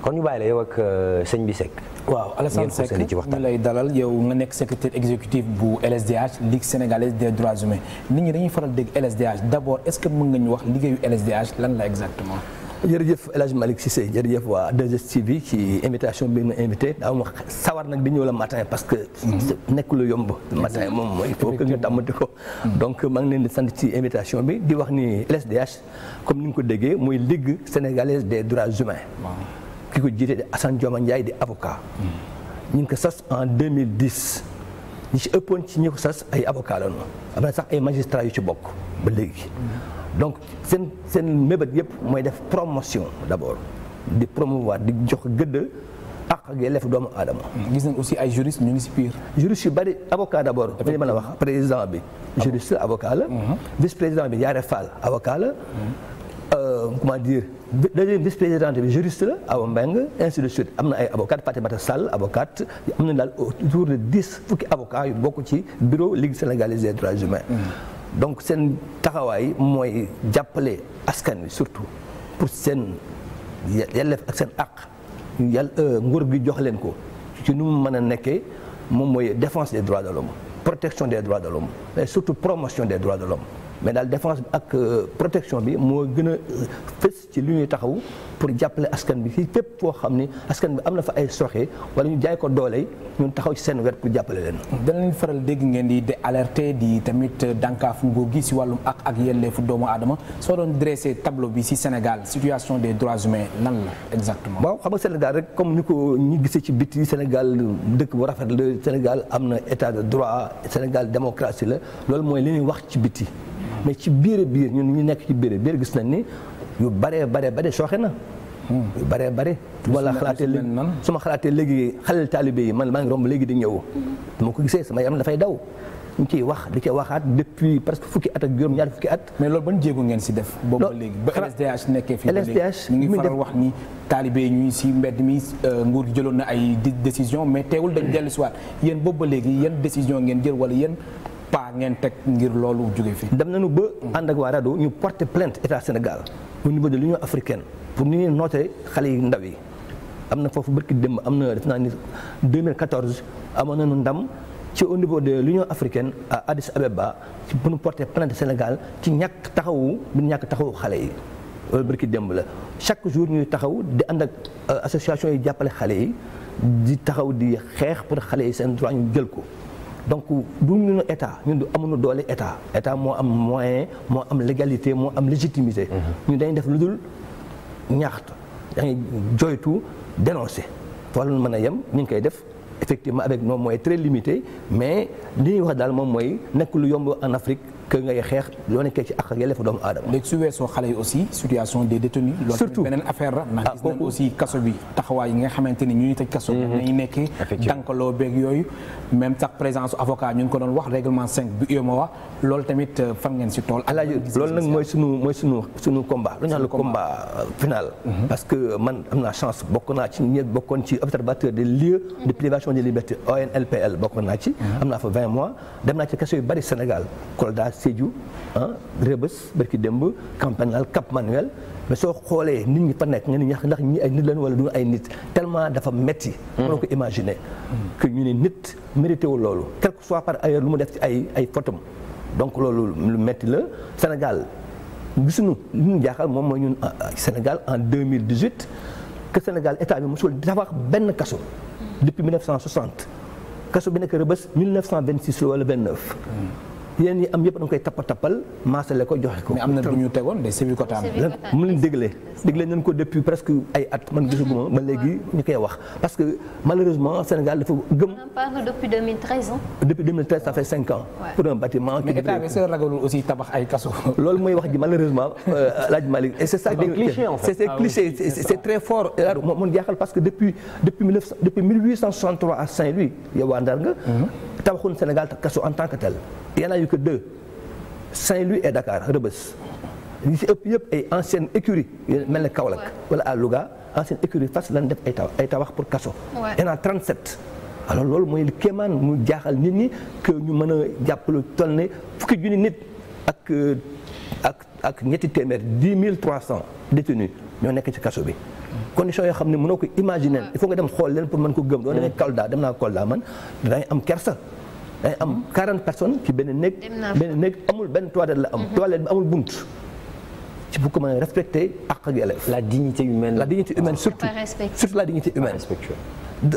kon ñu bàyyi la yow ak euh, sëñ bi Seck. waaw Alassane Seck ñu lay dalal yow nga nekk secrétaire exécutif bu LSDH Ligue sénégalaise des droits humains nit ñi dañuy faral dégg LSDH d'abord est-ce que mën nga wax liggéeyu LSDH lan la exactement. jërëjëf El Hadj Malick Cissé jërëjëf waa 2STV ci invitation bi ma invité daa ma sawar nag di ñëw la matin parce que. nekk lu yomb. matin moom mooy il faut que nga di ko. Mm-hmm. donc maa ngi leen di sant ci invitation bi di wax ni LSDH comme ni nga ko déggee muy Ligue sénégalaise des droits humains. ki ko jiite di Assane Dioma Ndiaye di avocat ñu ngi ko sas en 2010 ñi ci ëppoon ci ñi ko sas ay avocat lañu am na sax ay magistrat yu ci bokk ba léegi donc seen seen mébét yëpp mooy def promotion d'abord di promouvoir di jox gëdd ak ak yelleef doomu aadama. gis nañ aussi ay juristes ñu ngi si biir. juristes yu bari avocat d'abord. dañu mën a wax président bi. juriste avocat la. Mhm. vice président bi Yaare Fall avocat la. Mhm. Euh, comment dire deuxième vice-présidente bi la Awa Mbengue ainsi de suite am na ay avocats Fatou Bata Sall avocate am na daal autour de dix fukki avocats yu bokk ci bureau Ligue sénégalaise des droits humains. Mm. donc seen taxawaay mooy jàppale askan wi surtout pour seen yelleef ak seen àq yàlla euh, nguur gi jox leen ko ci nu mu mën a nekkee moom mooy défense des droits de l'homme protection des droits de l'homme mais surtout promotion des droits de l'homme mais daal défense bi ak euh, protection bi moo gën a fës ci li ñuy taxaw pour jàppale askan bi fii fépp foo xam ni askan bi am na fa ay soxe wala ñu jaay ko doole ñun taxaw ci seen wet pour jàppale leen. danañ faral dégg ngeen di de alerté di tamit dànkaaf nguur gi si wàllum ak ak yelleefu doomu aadama soo doon dressé tableau bi si Sénégal situation des droits humains lan la exactement. waaw xam nga Sénégal rek comme ni ko ñu gisee ci biti Sénégal dëkk bu rafet la Sénégal am na état de Sénégal démocratie la loolu mooy li ñuy wax ci biti. mais ci biir biir ñun ñu nekk ci biir biir gis nañ ni yu bare bare bare sooxe na. yu bare bare. wala xalaatee léegi su ma xalaatee léegi xalel taalibe yi man maa ngi romb léegi di ñëw. dama ko gisee sama yaram dafay daw. ñu ciy wax di ci waxaat depuis que fukki at ak juróom ñaar fukki at. mais loolu ban jéego ngeen si def. boobu ba léegi ba LSDH nekkee fii. LSDH ñu ngi faral wax ni. taalibe yi si mbedd mi euh, nguur gi jëloon na ay décision mais teewul dañu dellusiwaat yéen boobu ba léegi yan décision ngeen jël wala yéen pas ngeen teg ngir loolu jóge fi dem nañu ba ànd ak waa RADDHO ñu porter plainte état Sénégal au niveau de l'Union africaine pour ni ñuy noote xale yi ndaw yi am na foofu bërki démb am na def naa ni 2014 amoon nañu ndam ci au niveau de l'Union africaine à Addis Abeba ci bu ñu porter plainte Sénégal ci ñàkk taxawu bu ñàkk taxawu xale yi loolu bërki démb la chaque jour ñuy taxaw di ànd ak euh, association yi jàppale xale yi di taxaw di xeex pour xale yi seen droit jël ko donc bu ñu état ñun du amuñu doole état état moo am moyen moo am légalité moo am légitimité. Mhm. ñu dañu def lu dul ñaxt joytu dénoncer wala mën a yem ñu ngi koy def. effectivement avec nos moyens très limité mais li ñuy wax daal moom mooy nekk lu yomb en Afrique que ngay xeex loo nekkee ci ak yelleefu doomu aadama. léegi su weesoo xale yi aussi situation des détenus. surtout loolu beneen affaire la ndax gis ah, nañ aussi kaso bi taxawaay yi nga xamante ni ñu ngi tëj kaso. Mhm. nañu nekkee dankaloo beeg yooyu. même sax présence avocat ñu ngi ko doon wax règlement 5 bu UEMOA loolu tamit euh, fan ngeen si tool. alaaji loolu nag mooy sunu mooy sunu sunu combat. lu ñu wax combat euh, final. Mhm. parce que man am naa chance bokk naa ci ñëpp bokkoon ci observateur des lieux de privation de liberté ONLPL bokkoon naa ci. Mhm. am naa fa 20 mois dem naa ci kaso yu bari Sénégal Kolda Sédhiou ah Rebeuss ki Demb Camp Pénal Cap Manuel mais soo xoolee nit ñi fa nekk nga ni ndax ñi ay nit lañ wala du ay nit tellement dafa metti mhm. mënoo ko imaginer. que ñu ni nit mérité loolu quel que par ailleurs lu mu def ci ay ay fotom donc loolu lu metti la Sénégal gisuñu li ñu jaaxal moom mooy ñun euh, euh, Sénégal en 2018 que Sénégal état bi mosul tabax benn kaso depuis 1960 kaso bi nekk Rebeuss 1926 wala 29. yeneen yi am yëpp da nga koy tappa tappal maasale ko joxe ko. mais am na lu ñu tegoon de Sébikotane. mu leen déglee. déglee nañ ko depuis presque ay at man gisaguma ma léegi ñu koy wax. parce que malheureusement Sénégal dafa gëm. on parle depuis 2013 depuis tabax ay kaso. <laughs> loolu mooy wax ji malheureusement euh, laaj Malick et c' ça. cliché très fort. moom jaaxal parce que depuis depuis mille neuf depuis 1863 à Saint-Louis yow waa Ndar nga. Mhm. tabaxoon Sénégal kaso en tant que tel. il n'y en a eu que deux saint Dakar Rebeuss li si ëpp yëpp ay ancienne écurie yu mel ne Kaolack wala à Louga ancienne écurie fas lan def ay taw ay tabax pour kaso il y en loolu mooy kéemaan mu jaaxal nit ñi que ñu mën a jàppalu toll ne fukki junni nit ak euh, ak ak ñetti téeméer 10 300 détenus ñoo nekk ci kaso bi condition yoo xam ne mënoo ko imaginer il faut nga dem xool leen pour mën ko gëm doon da ngay mm. Kolda dem naa daa man danañ am kersa day am 40 personnes ci benn néeg benn néeg amul benn toilette la am mhm. toilette bi amul bunt ci bu ko respecter la dignité humaine ah. surtout la dignité humaine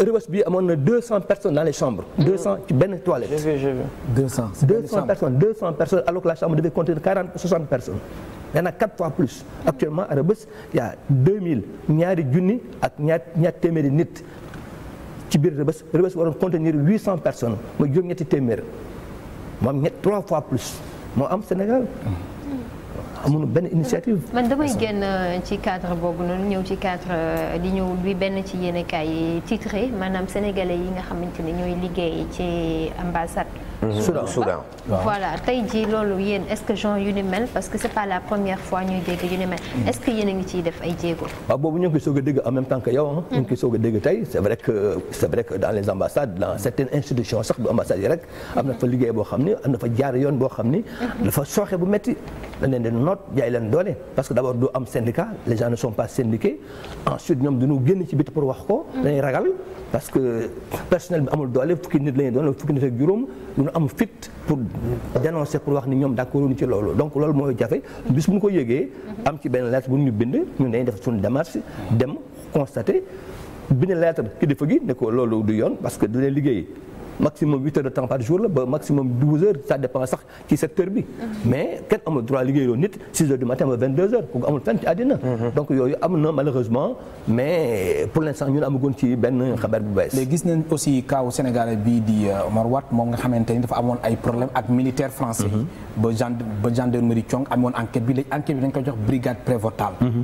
Rebeuss bi amoon na 200 personnes dans les chambres. 200 mhm. ci benn toilette. j'ai vu j'ai vu 200. 200 personnes 200 personnes alors que la chambre devait compter 40 60 personnes. nee na actuellement à Rebeuss y ñaari junni ak ñaar ñaar téeméeri nit ci biir Rebeuss Rebeuss waroon contenir huit cent personnes mooy juróom-ñetti téeméer mu am ñett trois fois plus moo am Sénégal. amuñu benn initiative. man damay génn euh, ci cadre boobu noonu ñëw ci cadre euh, di ñëw bi benn ci yenn kaay yi titré maanaam sénégalais yi nga xamante ne ñooy liggéey ci ambassade. Mhm. Soudan Soudan voilà tey jii loolu yéen est-ce que gens yu ni mel parce que c'est pas la première fois ñuy dégg yu ni mel. Mhm. est-ce que yéen a ngi ciy def ay jéego. waaw ah, boobu ñu ngi koy soog a dégg en même temps que yow ah. ñu ngi koy soog a dégg tey c'est vrai que c'est vrai que dans les ambassades dans certaines institutions sax du ambassades yi rek. am na fa liggéey boo xam ni am na fa jaar yoon boo xam ni. Mhm. dafa sooxe bu métti dañ leen note jaay leen doole parce que d' abord du am syndicat les gens ne sont pas syndiqués ensuite ñoom dañoo génn ci biti pour wax ko. dañuy ragal parce que personnel bi amul doole fukki nit la ñuy doon fukki nit ak juróom pour dénoncer ni ñoom d' accord ñu ci loolu donc loolu mooy jafe bis bu ñu ko yëgee. am ci benn lettre bu ñu bind ñun dañuy def suñu démarche dem constater bind lettre kilifa gi ne ko loolu du yoon parce que du leen liggéey. maximum huit heures de temps par jour la ba maximum douze heures ça sax ci secteur bi. mais kenn amul droit liggéeyoo nit six heures du matin ba vingt deux heures amul fenn ci àddina. Mhm. donc yooyu am na malheureusement mais pour l'instant ñun amagoon ci benn xabaar bu bees. mais gis nañ aussi kaaw Sénégalais bii di euh, Omar moom nga xamante ni dafa amoon ay problème ak militaire français yi. Mhm. ba gendre cong amoon enquête bi léegi dañ ko jox brigade prévôtale. Mhm.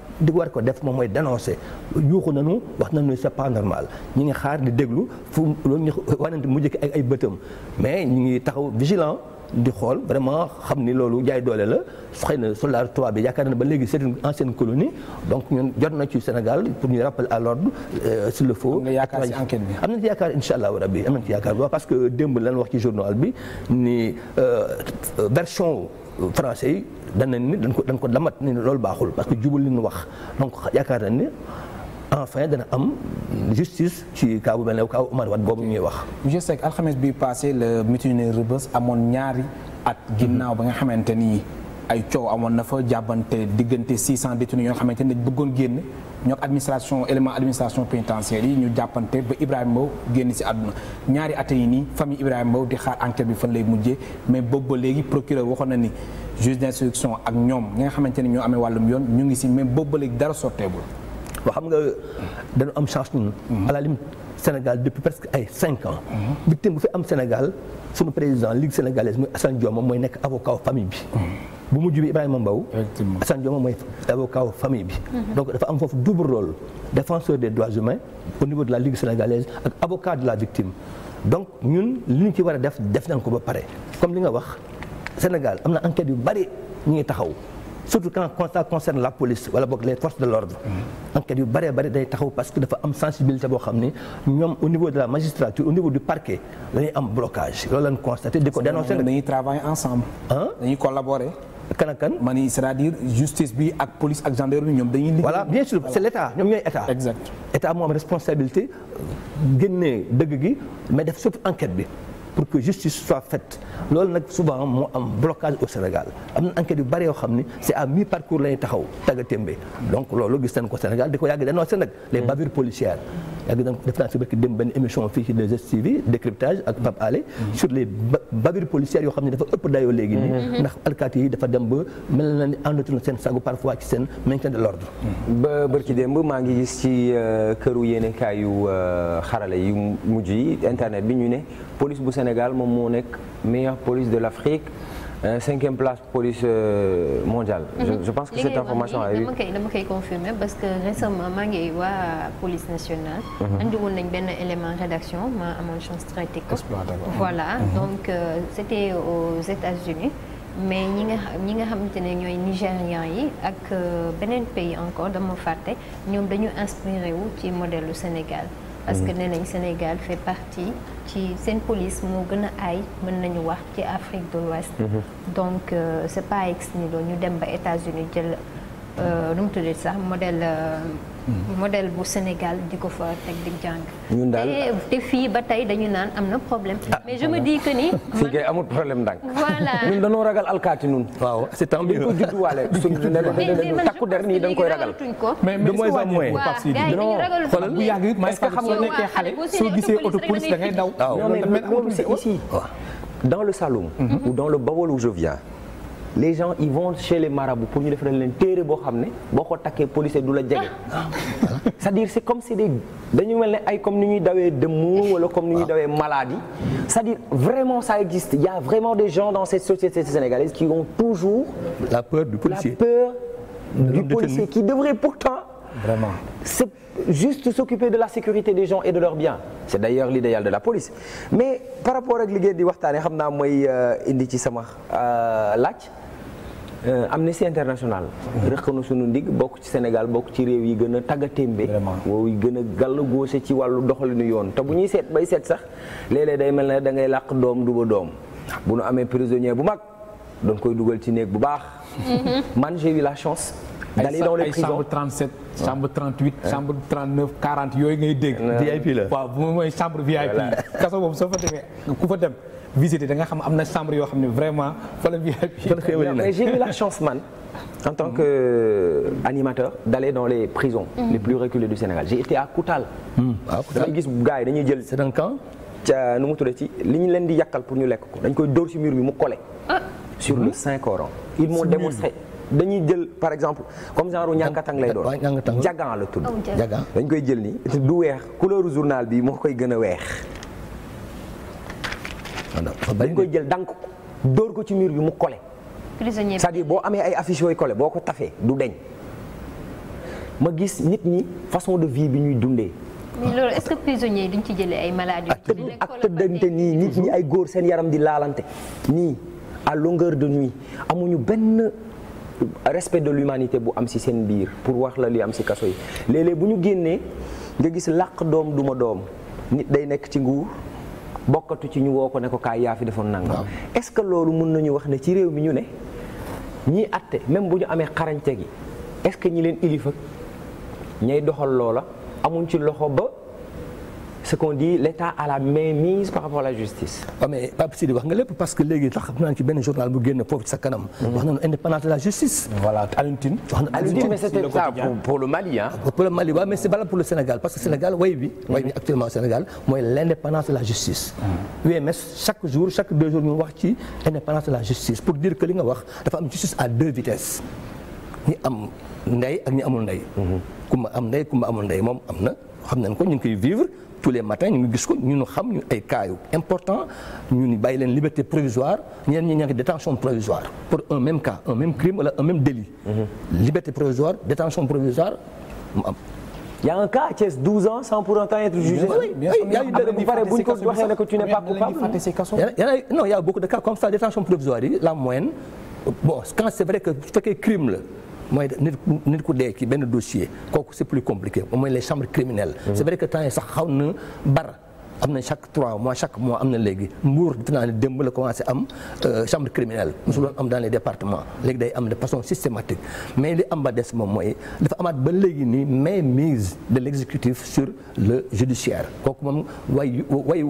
di war ko def moom mooy dénoncer na nañu wax nañu c'est pas normal ñu ngi xaar di déglu fu loolu na wanante mu jëkk ay ay bëtam mais ñu ngi taxaw vigilant di xool vraiment xam ni loolu jaay doole la xëy na soldat tubaab bi yaakaar na ba léegi c'est une ancienne colonie donc ñun jot na ci Sénégal pour ñu rappeler à l'ordre euh, s'il le faut. am na yaakaar ci enquête bi. am nañu ci yaakaar incha allah bi am nañu ci yaakaar bu baax parce que démb lan wax ci journal bi ni euh, version. français yi dan ni dañ ko dañ ko damat ni loolu baaxul parce que jubal li ñu wax donc yaakaar nañ en enfin dana am justice ci cas bu mel ne cas Omar Wade boobu ñuy wax. monsieur Seck bi passé le mutinerie Rebeuss amoon ñaari at. ginnaaw ba nga xamante ni ay coow amoon na fa jàbbante diggante 600 détenus yoo xamante ni bëggoon génn. ñoo ak administration élément administration pénitentiaire yi ñu jàppante ba Ibrahima Mbow génn si àdduna ñaari at yi nii famille Ibrahima Mbow di xaar enquête bi fan lay mujjee mais boobu ba léegi procureur waxoon na ni juge d'instruction ak ñoom ñi nga xamante ni ñoo amee wàllum yoon ñu ngi si mais boobu ba léegi dara sotteegul. waaw xam nga dañu am chance ñun. Mhm. à la limite Sénégal depuis presque ay cinq ans. Mhm. victime bu fi am Sénégal sunu président Ligue sénégalaise muy Assane mooy nekk avocat famille bi. Mhm. bu mujj bi Ibrahima Mbow. effectivement Assane Dioma mooy avocat famille bi. Mhm. donc dafa am foofu double rôle défenseur des droits humains au niveau de la Ligue sénégalaise ak avocat de la victime. donc ñun li ñu ci war a def def nañ ko ba pare comme li nga wax Sénégal am na enquête yu bari ñu ngi taxaw. surtout quand ça concerne la police wala boog les forces de l'ordre mhm. enquête yu bëree bëri day taxaw parce que dafa am sensibilité boo xam ni ñoom au niveau de la magistrature au niveau du parquet dañuy am blocage loolu lañ constaté di ko dénoncer dañuy travailler ensemble kan ak kan. man c'est-à-dire justice bi ak police ak gendarmerie ñoom dañuy. liggéey voilà bien sûr c'est l'état ñoom ñooy état. exact état moom am responsabilité génnee dëgg gi mais def surtout enquête bi. pour que justice soit faite loolu nag souvent am blocage au Sénégal am na enquête yu bari yoo xam ni c'est à mi-parcours la ñuy taxaw tagga témbe donc loolu gis nañ ko Sénégal di ko yàgg dénoncé nag les mm. bavures policières yàgg nañ ko def naa si barki benn émission fii ci 2STV décryptage ak Pape Alé mm. sur le bavures policières yoo xam ne dafa ëpp dayoo léegi nii mm-hmm. ndax alkaati yi dafa dem ba mel na ni àndatu na seen sagu parfois ci seen maintien de l'ordre mm. ba barki démb maa ngi gis ci euh, këru yéenekaayu euh, xarala yu mujj yi internet bi ñu ne police bu Sénégal moom moo nekk meilleure police de l'Afrique euh, cinquième place police euh, mondiale. je mhm. je pense que cette information a eu. dama koy dama koy confirmer parce que récemment maa ngi waa police nationale. Mhm. andi woon nañ benn élément rédaction ma amoon chance traité ko. Mhm. voilà donc euh, c'était aux États-Unis mais ñi nga ñi nga xamante ne ñooy nigérian yi ak beneen pays encore dama fàtte ñoom dañu inspiré wu ci modèle lu Sénégal. parce que nee nañ Sénégal fait partie. ci seen police moo gën a ay mën nañu wax ci Afrique de l'Ouest mhm. donc euh, c'est pas ex ñu dem ba États-Unis jël euh, nu mu tuddee sax modèle euh, modèle bu Sénégal di ko fa teg di jàng. ñun daal te fii ba tey dañu naan am na problème. mais je me dis que ni. fii kay amul problème ndànk. voilà ñun dañoo ragal alkaati ñun. waaw c'est tant mieux ko judduwaale. suñu ne takku der nii dañ koy ragal. mais mais mooy sax mooy. xoolal bu yàgg it parce que xam nga nekkee xale soo gisee auto police da ngay daw. waaw loolu ici dans le Saloum. ou dans le Bawol où je viens. les gens ils vont chez les marabouts pour ñu defaral leen téere boo xam ne boo ko takkee policier du la jege. c'est-à-dire c'est comme si des dañu mel ne ay comme ni ñuy dawee dëmm wala comme ni ñuy dawee maladie. c'est-à-dire vraiment ça existe il y a vraiment des gens dans cette société sénégalaise qui ont toujours. la peur du policier la peur du policier qui devrait pourtant. vraiment c'est juste s'occuper de la sécurité des gens et de leurs biens c'est d'ailleurs l'idéal de la police mais par rapport ak liggéey di waxtaanee xam naa mooy euh, indi ci sama euh, laaj. Euh, Amnesty International mhm. rëq na sunu ndig bokk ci Sénégal bokk ci réew yi gën a taggatémbe woow yi gën a gàll góose ci wàllu doxalinu yoon te bu ñuy seet bay set sax léeg-léeg day mel ne da ngay làq doom du ba doom bu nu amee prisonnier bu mag doon koy dugal ci néeg bu baax mhm. man j'ai eu la chance d'aller dans les prisons chambre 37 chambre 38 chambre 39 yooyu ngay dégg VIP la waaw bu mooy chambre VIP kaso boobu soo fa demee ku fa dem visiter da nga xam am na chambre yoo xam ni vraiment fa la VIP. j'ai eu la chance man en tant que euh, animateur d'aller dans les prisons. Mm. les plus reculées du Sénégal j'ai été à Koutal. Mm. Ah, gis gars yi dañuy jël. c'est un camp. ca nu mu tuddee ci li ñu leen di yàkkal pour ñu lekk ko dañ koy dóor ci mur bi mu kole ah. sur le mm. Saint Coran. ils m'ont démontré dañuy jël par exemple comme genre ñànkatang lay doon. ñànkatang jagan la tudd. Oh, jagan dañ koy jël ni du weex couleur journal bi moo koy gën a weex. dañ koy jël dànk dóor ko ci miir bi mu kole prisonnier cest à boo amee ay affiches yooyu kole boo ko tafee du deñ ma gis nit ñi façon de vie bi ñuy dundee. mais yi duñ ci jëlee ay maladies. Ah, ak tëdd ak tëddante nii nit ñi ay góor seen yaram di laalante. nii à longueur de nuit amuñu benn respect de l'humanité bu am si seen biir pour wax la li am si kaso yi léeg-léeg bu ñu génnee nga gis làq doom duma doom nit day nekk ci nguur. bokkatu ci ñu woo ko ne ko kaay yaa fi defoon nangam. est-ce que loolu mën nañu wax ne ci réew mi ñu ne ñii àtte même bu ñu amee xarañte gi est-ce que ñi leen ilif ak ñay doxal loola amuñ ci loxo ba. ce qu'on dit l'État a la mainmise par rapport à la justice. Ah, lépp parce que léegi tax naa ci benn journal bu génn foofu ci sa kanam. wax nañu indépendance de la justice. voilà Alioune Tine. Alioune Tine mais c'était ça pour, pour le Mali hein. Ah, pour le Mali mais c'est valable pour le Sénégal parce que Sénégal way bi. actuellement Sénégal mooy l'indépendance de la justice. Mm. UMS chaque jour chaque deux jours ñu wax ci indépendance de la justice pour dire que li nga wax dafa am justice à deux vitesses ñi am ndey ak ñi amul ndey. Mm-hmm. ku ma am ndey ku ma amul moom am na xam nañ ko ñu ngi tous les matins ñu gis ko ñu nu xam ñu ay cas yu important ñu ni bàyyi leen liberté provisoire ñeneen ñi ñangi détention provisoire pour un même cas un même crime wala un même délit mhm. liberté provisoire détention provisoire mu am y a un ans sans pour autant être jugé. oui bien sûr non il a beaucoup de cas comme ça détention provisoire yi la moyenne bon quand c'est vrai que crime mooy nit nit ku dee ci benn dossier kooku c'est plus compliqué mooy les chambres criminelles mm-hmm. c'est vrai que temps yi sax xaw na bar am na chaque trois mois chaque mois am na léegi mbuur dinaa ne démb la commencé am euh, chambre criminelle mosul doon am dans les départements léegi day am de façon systématique mais li am ba des moom mooy dafa amaat ba léegi nii mainmise de l'exécutif sur le judiciaire kooku moom way way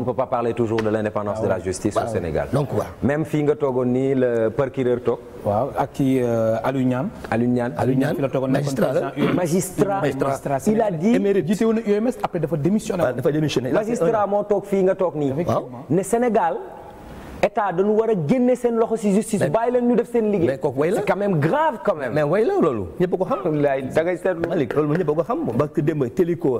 ne peut pas parler toujours de l'indépendance de la ah justice au Sénégal donc waaw même fii nga toogoon nii le procureur toog waaw ak ci euh, a UMS après dafa démissionné. waaw dafa démissionné magistrat moo toog fii nga toog nii. ne Sénégal état dañu war a génne seen loxo ci justice. bàyyi leen ñu def seen liggéey. mais kooku way la c'est quand même grave quand même. mais way la loolu ñëpp ko xam. alhamdulilah da ngay seetlu Malick loolu ñëpp ko xam moom. parce que démb Téliko.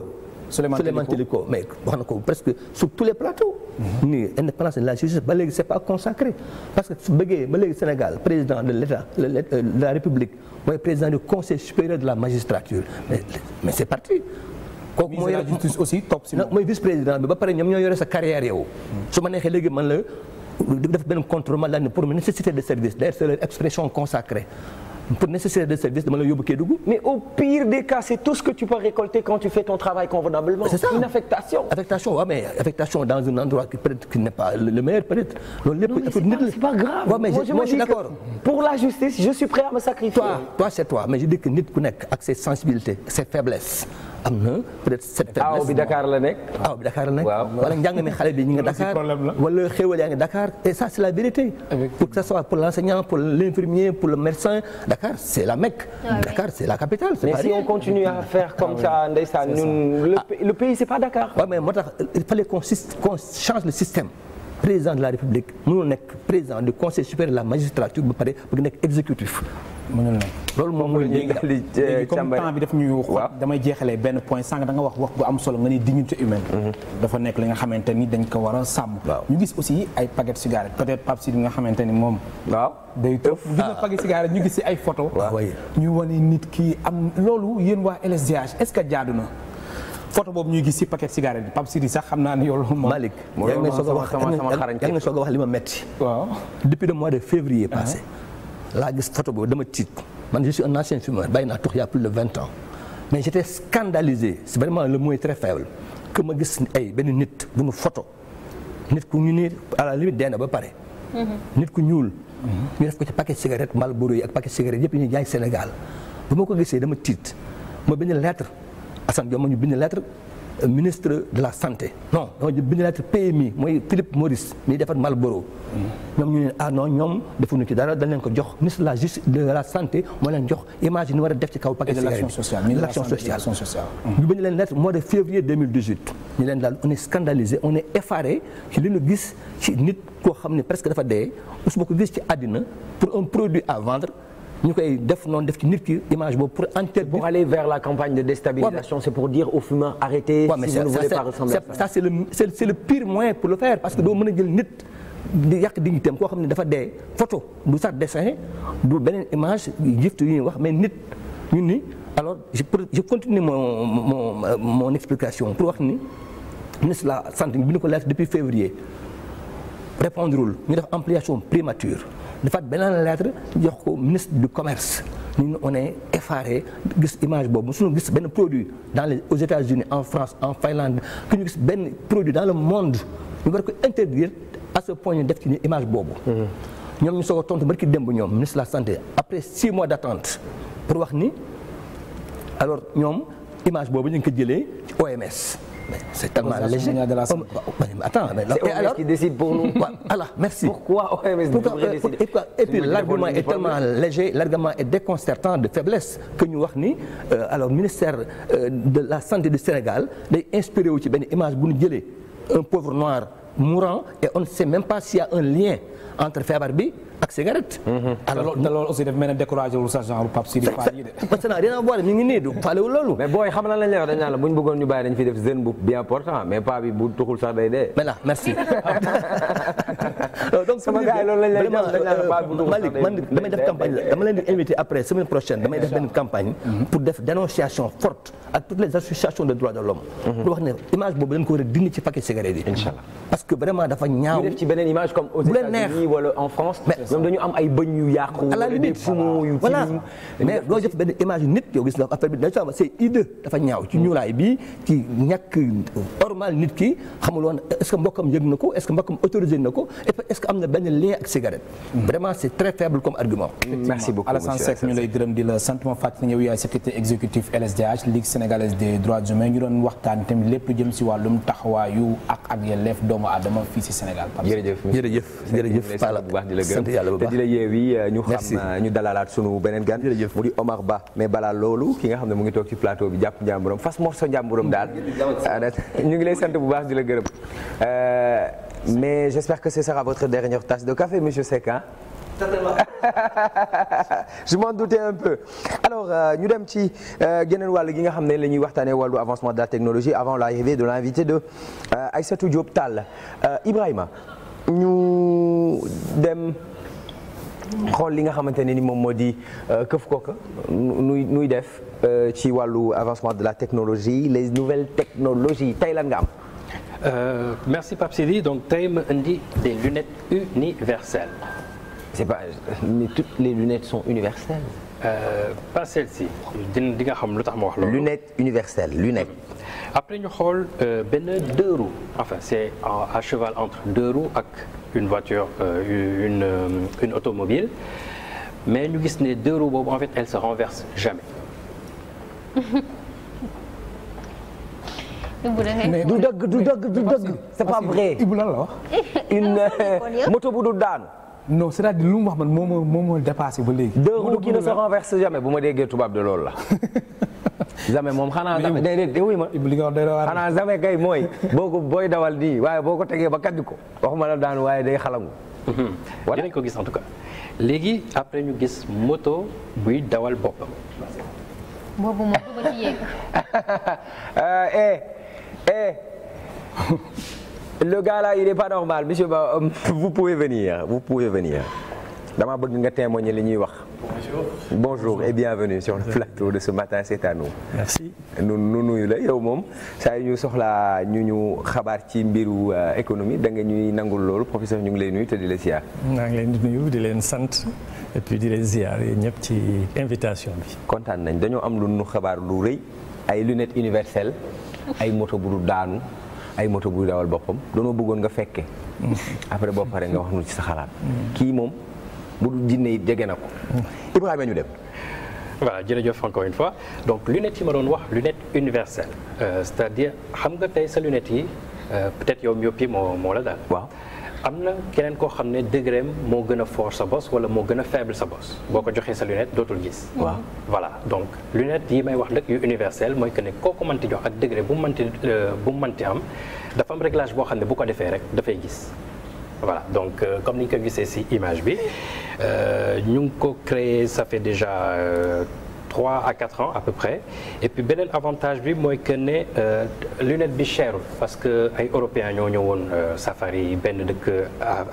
Souleymane Téliko Souleymane Téliko mais wax na ko presque sur tous les plateaux. Mhm. ni indépendance de la justice ba léegi c'est pas consacré parce que su bëggee ba léegi Sénégal président de l'État de la République mooy président du conseil supérieur de la magistrature mais mais c'est parti. kooku mooy la justice aussi topp si mooy vice président bi ba pare ñoom ñoo yore sa carrière yow. Hmm. su ma neexee léegi man la def benn contre ma laaj ne pour nécessité de service d'ailleurs c'est leur expression consacrée. pour nécessité de service dama la yóbbu Kédougou. mais au pire des cas c'est tout ce que tu peux récolter quand tu fais ton travail convenablement. c'est ça une affectation. affectation waaw mais affectation dans un endroit qui peut-être qui n'est pas le meilleur peut-être. loolu lépp nit la c'est pas grave. Ouais, mais moi, je, moi, je, je suis d'accord pour la justice je suis prêt à me sacrifier. toi toi c'est toi mais je dis que nit ku nekk ak ses sensibilités ses faiblesses. am na peut-être cette faiblesse. aw bi la nekk. aw bi Dakar la nekk. wala njàng mi xale bi ñu ngi Dakar wala xéwal yaa ngi Dakar et ça c'est la vérité. pour que ça soit pour l'enseignant pour l'infirmier ah la capitale. mais si on continue à faire comme ah ça ndeysaan ñun ah. le pays c'est mais moo tax il fallait qu'on le système. président de la République mënul nekk président du conseil supérieur de la magistrature ba pare bëgg nekk exécutif. mënul ne loolu moom moo ñu daal di càmbare daf ñuy wax damay jeexalee benn point sànq da nga wax wax bu am solo nga ni dignité humaine mhm. dafa nekk li nga xamante ni dañ ko war a sàmm ñu gis aussi ay paquet cigarette peut être Pape nga xamante ni moom waaw ñu gis si ay photo ah, ñu wane nit ki am loolu yéen waa LSDH est ce que jaadu na photo boobu ñuy gis si paquet cigarette bi Pape Sidi sax xam naa ne yow loolu moom Malick yaa ngi soog a wax li ma metti waaw depuis le mois de février passé ah. laa gis photo boobu dama tiit man je suis un ancien fumeur bàyyi naa tux il y a vingt ans mais j'étais scandalisé c'est vraiment mooy mot est très ma gis ay benn nit bu nu photo nit ku ñu nii à la limite na ba pare. Mm-hmm. nit ku ñuul. Mm-hmm. ñu def ko ci paquet cigarette mal yi ak paquet cigarette yëpp yi ñuy jaay Sénégal bu ma ko gisee dama tiit ma bind lettre Assane Dioma ñu bind lettre. ministre de la santé non bi ñu lettre PMI mooy Philippe Maurice mi defar Marlboro ñoom ñu ne ah ci dara dañ leen ko jox ministre de la justice de la santé moo leen jox image yi ñu war a def ci kaw paquet de l'action sociale ñu bi ñu leen mois de février 2018 ñu on est scandalisé on est effaré ci li ñu gis ci nit koo xam ne presque dafa dee su ma ko gis ci addina pour un produit à vendre ñu koy def noonu def ci nit ki image boobu pour interdire. pour aller vers la campagne de déstabilisation. Ouais, c'est pour dire aux fumeurs arrêtez. Ouais, si vous ne voulez pas ressembler c'est le pire moyen pour le faire parce que doo mën a jël nit. di yàq dignitéem koo xam ne dafa dee photo du sax dessin du beneen image jëftu yu ñuy wax mais nit ñun ni alors je je continue mon mon mon explication pour wax ni ministre la santé bi ñu la laaj depuis février répondrewul ñu def ampliation primature. defaat beneen lettre jox ko ministre du commerce ñun on est effaré gis image boobu musuñu gis benn produit dans les aux États-Unis en France en Finlande ku ñu gis benn produit dans le monde ñu war ko interdire à ce point ñu def ci ni image boobu. Mm-hmm. ñoom ñu soog a tontu barki démb ñoom ministre de la santé après six mois d'attente pour wax ni alors ñoom image boobu ñu ngi ko jëlee ci OMS. C'est tellement léger. Oh, oh, attends, mais alors, qui décide pour nous. Voilà, euh, Et l'argument est déconcertant de faiblesse que ñu wax ni euh, alors ministère euh, de la santé du Sénégal day inspiré wu ci benn image bu ñu jëlee un pauvre noir mourant et on ne sait même pas s'il y a un lien entre feebar bi. ak cigarette. Mhm. alors ah, te loolu aussi a mel ne découragé wul sa genre rien à voir ngi nii du faale wul loolu. mais booy xam na lañ la merci. donc sama gars loolu la paa bu tuxul sax day dee def campagne dama leen def campagne. Mhm. pour def forte ak toutes les associations de droits de l'homme mhm. pour wax ne image boobu dañ ko war a ci paquet parce que vraiment dafa ñaaw. bu def ci beneen en France. ñoom dañu am ay bëñ yu yàqu. des poumons loo jëf benn image nit gis la affaire bi dañu soxla c'est hideux dafa bi ci ñàkk normal nit ki xamul woon est-ce que na ko est-ce que na ko est-ce que am na benn hmm. hmm. ñu lay gërëm di la sant ma fàttali yow yaay secrétaire exécutif LSDH Ligue sénégalaise des waxtaan tamit lépp lu jëm si wàllum taxawaayu ak ak yelleef doomu aadama fii si Sénégal. jërëjëf jërëjëf jërëjëf Palla sant yàlla yàlla bu baax te di la yeewi euh, ñu xam euh, ñu dalalaat sunu beneen gan mu di Omar Ba mais balaa loolu ki nga xam ne mu ngi toog ci plateau bi jàpp njàmburam fas morso njàmburam daal <laughs> euh, ñu ngi lay sant bu baax di la gërëm mais j'espère que ce sera votre dernière tasse de café monsieur Seck certainement <laughs> je m'en doutais un peu alors ñu dem ci geneen wàll gi nga xam ne la ñuy waxtaanee wàllu avancement de la technologie avant l'arrivée de l'invité de Aïssatou Diop Tall Ibrahima ñu dem. xool li nga xamante ne ni moom moo di euh, këf kooka nuy nuy def euh, ci wàllu avancement de la technologie les nouvelles technologies tey lan nga am. Euh, merci Pape Sidi donc tey ma indi des lunettes universelles. c'est pas mais toutes les lunettes sont universelles. Euh, pas celle-ci dina di nga xam lu tax ma wax loolu. lunette universelle lunette. après ñu xool benn deux roues enfin c'est à cheval entre deux roues une voiture euh, une euh, une automobile mais ñu gis ne deux roues boobu en fait elle se renverse jamais. <laughs> du dëgg du dëgg du dëgg. c'est pas vrai Ibu lan la wax. <laughs> une moto bu du daanu. non c'est-à-dire lu mu wax man moo ma moo ma dépassé ba léegi. deux roues qui ne se renverse jamais bu ma déggee tubaab de loolu la. <laughs> Zame moom xanaa Zame day day wuy ma xanaa Zame kay mooy boo ko booy dawal nii waaye boo ko tegee ba kaddu ko waxuma la daan waaye day xalangu mhm. wala dinañ ko gis en léegi après ñu gis moto buy dawal boppam boobu moom du ba ci yegg <laughs> euh, eh eh <laughs> le gars là il est pas normal monsieur Ba euh, vous venir dama bëgg nga témoigner li ñuy wax. bonjour bonjour et bienvenue sur le plateau de ce matin c'est à merci nu nuyu la yow moom saa yu ñu soxlaa ñu ñu xabaar ci mbiru euh, économie da nga ñuy nangu loolu professeur ñu ngi lay nuyu te di la ziar. naa ngi leen di nuyu di leen sant et di leen ziar yéen ñëpp ci invitation bi. kontaan nañ dañoo am lu nu xabaar lu rëy ay lunettes universelles ay moto bu du daanu ay moto bu dawal boppam danoo bëggoon nga fekke mm-hmm. après boo paree wax nu ci sa xalaat mm-hmm. bu dul jinne yi jege na ko Ibrahima ñu dem voilà jërëjëf encore une fois donc lunette yi ma doon wax lunette universelle euh, c'est-à-dire xam nga tey sa lunette yi euh, peut-être yow myopie moo moo la daal am na keneen koo xam ne degré moo gën a fort sa bos wala moo gën a faible sa bos boo ko joxee sa lunette dootul gis. waa mm-hmm. voilà donc lunette yi may wax nag yu universel mooy que ne koo ko mënti jox ak degré bu mu mënti euh, bu mu mënti am dafa am réglage boo xam ne bu ko defee rek dafay gis. voilà donc euh, comme ni ñu ko gisee ci image bi euh, ñu ngi ko créé ça fait déjà euh, trois à quatre ans à peu près et puis beneen avantage bi mooy que ne lunette bi cherul parce que ay européens ñoo ñëwoon safari benn dëkk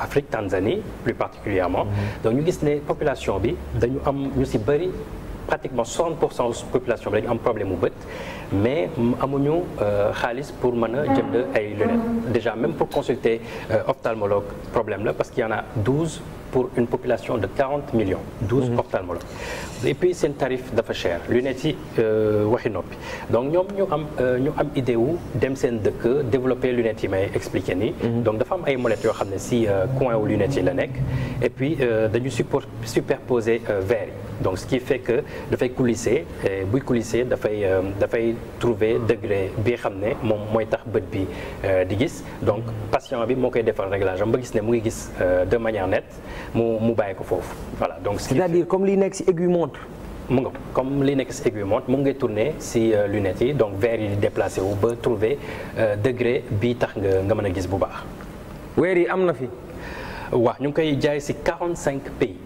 Afrique Tanzanie plus particulièrement mm-hmm. donc ñu gis ne population bi dañu am ñu ci bari pratiquement 60 pour cent population bi am problème mu bët mais amuñu euh, xaalis pour mën a jënd ay lunettes déjà même pour consulter euh, ophtalmologue problème la parce qu'il y en a douze pour une population de 40 millions 12 mhm. ophtalmologues et puis seen tarif dafa cher lunettes yi euh, waxi noppi donc ñoom ñu am ñu am idée wu dem seen dëkk développer lunettes yi may expliquer ni mhm. donc dafa am ay molettes yoo xam ne si coin wu lunettes yi la nekk et puis dañu suppo superposer verres yi donc ce qui fait que dafay coulisser buy coulisser dafay euh, dafay trouver hmm. degré bi xam ne moom mooy tax bët bi euh, di gis donc patient bi moo koy defal réglage ba gis ne mu ngi gis euh, de manière nette mu mu bàyyi ko foofu voilà donc c'est-à-dire comme li nekk ci aiguille montre mu nga comme li nekk si aiguille montre mu ngay tourner si lunettes yi donc verre yi di déplacé wu ba trouver degré bi tax nga nga mën a gis bu baax weer yi am na fi waaw ñu ngi koy jaay si 45 pays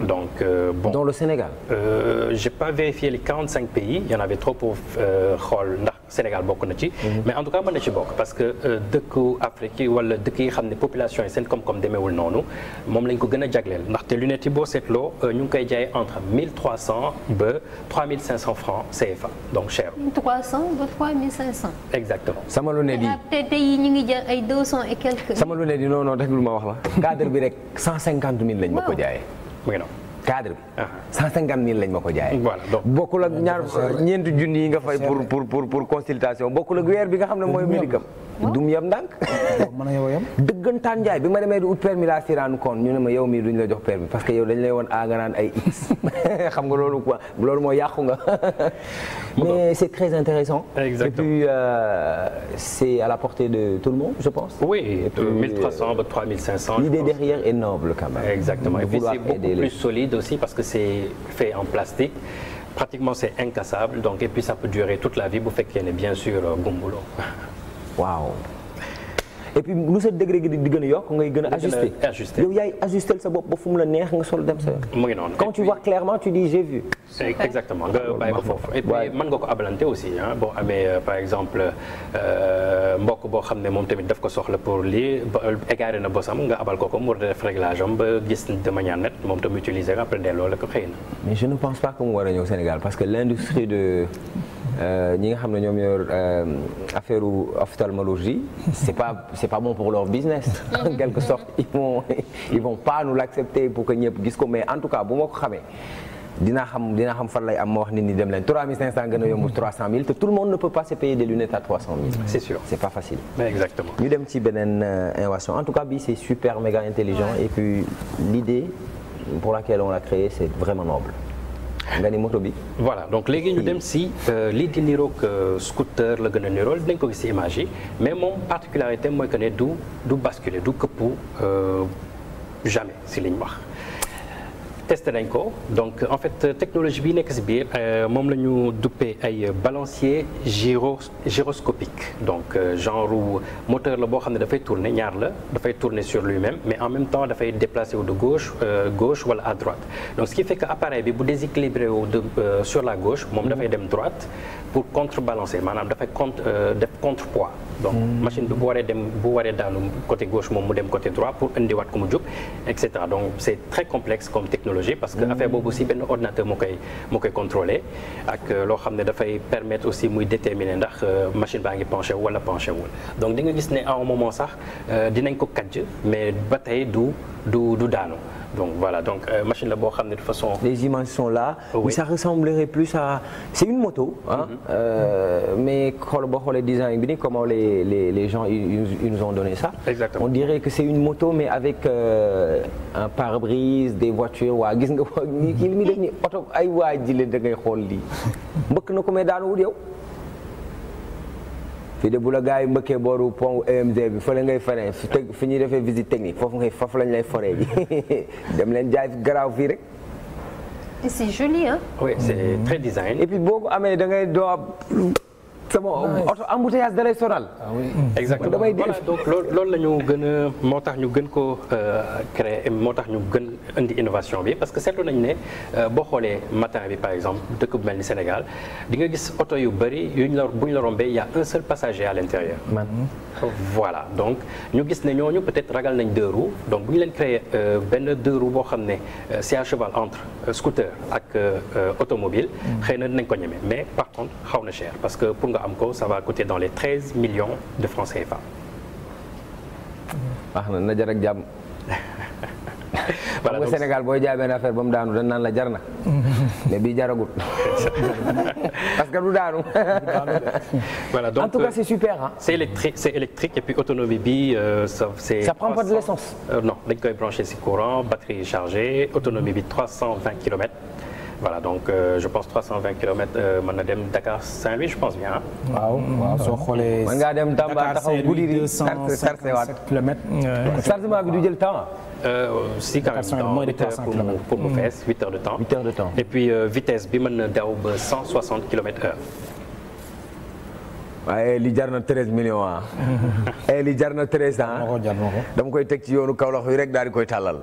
Donc, euh, le Sénégal euh, J'ai pas vérifié les 45 pays. Il y en avait trop pour euh, xool ndax Sénégal bokk na ci. Mhm. mais en tout cas mën na ci bokk parce que euh, dëkku Afrique yi wala dëkk yi xam ne population yi seen koom-koom demeewul noonu moom lañ ko gën a jagleel ndaxte lunette yi boo seetloo euh, ñu ngi koy jaayee entre 1300 ba 3500 francs CFA donc cher. 300 ba 3500. exactement sama lunette yi. te tey ñu ngi jar ay 200 et quelques. sama lunette yi non non rek lu ma wax la cadre bi rek 150 000 lañ ma ko jaayee. cadre bi. Ah. cent cinquante mille lañ ko jaayee. voilà donc bokkul ak ñaar ñeenti junni yi nga fay pour pour pour consultation bokkul ak weer bi nga xam ne mooy médicam. dum yem ndànk mën a yow yem <laughs> dëggantaan njaay bi ma demee di ut permis laa si rendu compte ñu ne ma yow mii duñ la jox permis parce que yow dañ lay woon a nga naan ay x <laughs> xam nga loolu quoi loolu moo yàqu nga <laughs> mais c'est très intéressant exactement et puis euh, c'est à la portée de tout le monde je pense oui et puis, 1300 ba 3500 l'idée derrière est noble quand même exactement et puis c'est beaucoup plus solide aussi parce que c'est fait en plastique pratiquement c'est incassable donc et puis ça peut durer toute la vie bu fekkee ne bien sûr euh, gumbuloo waaw et puis lu sa di gën a yokk ngay gën a ajusté yow yaay ajusté sa bopp ba fu mu la neex nga sol dem sa mu ngi noonu quand tu vois clairement tu dis j'ai exactement nga bàyyi ko foofu et puis nga ko abalante aussi boo amee euh, par exemple euh, mbokk boo xam ne moom tamit daf ko soxla pour li égaré na bosam nga abal ko ko mu def réglage ba gis de manière nette moom tam utiliser après delloo la ko xëy na mais je ne pense pas que mu war a ñëw Sénégal parce que l'industrie Euh, ñi nga xam ne ñoom yor euh, affaire ophtalmologie c'est pas c'est pas bon pour leur business mm-hmm. <laughs> en quelque sorte ils vont <laughs> ils nous l'accepter pour que ñëpp gis ko mais en tout cas bu ma ko xamee dinaa xam dinaa xam fan lay am ma wax nit ñi dem leen 3500 gën a yomb 300000 te tout le monde ne peut pas se payer des lunettes à 300000. c'est sûr c'est pas facile. exactement ñu dem ci beneen euh, innovation en tout cas bii c'est super méga intelligent et puis l'idée pour laquelle on l'a créé c'est vraiment noble. nga ni moto bi. voilà donc léegi ñu dem si euh, lii di niroog euh, scooter la gën a nirool dinañ ko gis si image yi mais moom particularité mooy que ne du du basculer du këppu euh, jamais si li ñu wax. testé nañ ko donc en fait technologie bi nekk si biir euh, moom la ñu duppee ay balancier gyro gyroscopique donc euh, genre moteur la boo xam ne dafay tourner ñaar la dafay tourner sur lui-même mais en même temps dafay déplacer wu de gauche euh, gauche wala à droite donc ce qui fait que appareil bi bu déséquilibré wu de sur la gauche moom dafay dem droite pour contrebalancer maanaam dafay contre euh, def contrepoids. donc hmm. machine bi bu waree dem bu waree daanu côté gauche moom mu dem côté droit pour indiwaat ko mu jóg et cetera donc c' est très complexe comme technologie. parce que hmm. affaire boobu si benn ordinateur moo koy moo koy contrôler ak euh, loo xam ne dafay permettre aussi muy déterminer ndax euh, machine baa ngi penché wala penché wul donc di nga gis ne à un moment sax dinañ ko kàjj mais ba tey du du du daanu. donc voilà donc euh, machine la boo xam ne de façon. les images sont là. oui mais ça ressemblerait plus à c' une moto. ah mais xool boo xoolee design bi ni comment les les les gens ils nous ont donné ça. exactement on dirait que c' une moto mais avec euh, un pare-brise des voitures waa gis nga waa ñi li muy ni oto ay waa ji la da ngay xool lii mbëkk na ko mais daanu wut fii de bu la gars yi mbëkkee booru pont EMG bi fële ngay feneen fu ñuy defee visite technique foofu ngay foofu lañ lay foree bi <laughs> dem leen jaay garaaw fii rek. c'est joli hein. oui boobu amee da doo sama oto embouteillage da lay sonal. exactement damay def loolu la gën a moo tax ñu gën ko euh, créer moo tax ñu gën indi innovation bi parce que seetlu nañu ne euh, boo xoolee matin bi par exemple dëkk bu mel ni Sénégal di nga gis oto yu bëri yuñ la buñ la rombee y a un seul passager à l'intérieur voilà donc ñu gis ne ñooñu peut-être ragal nañ deux donc bu ñu leen créer euh, benn deux boo xam ne c'est à cheval entre scooter ak automobile mm. xëy na ko ñeme mais par contre xaw na cher parce que pour nga am ko ça va coûter na na jar ak jàmm. <laughs> Sénégal booy jaay benn affaire ba mu daanu dañ naan la jar na. <laughs> mais bii jaragul. <laughs> parce que du daanu. en tout cas euh, c'est super c'est électrique et puis autonomie bi euh, ça c'est. ça prend pas de euh, courant batterie chargée autonomie bi 320 voilà donc euh, je pense 320 kilomètres euh, mën na dem Dakar Saint-Louis je pense bien ah. waaw soo xoolee. mën ngaa dem Tamba taxaw Goudiri euh, chargement bi du jël temps euh, si quand même temps pour mu fees 8 heures de temps. 8 heures de temps puis vitesse bi mën na daw ba 160 kilomètres heure. waaye li jar na treize millions ah. <laughs> li jar na treize ans. dama koy teg ci yoonu Kaolack yi rek daal di koy tàllal.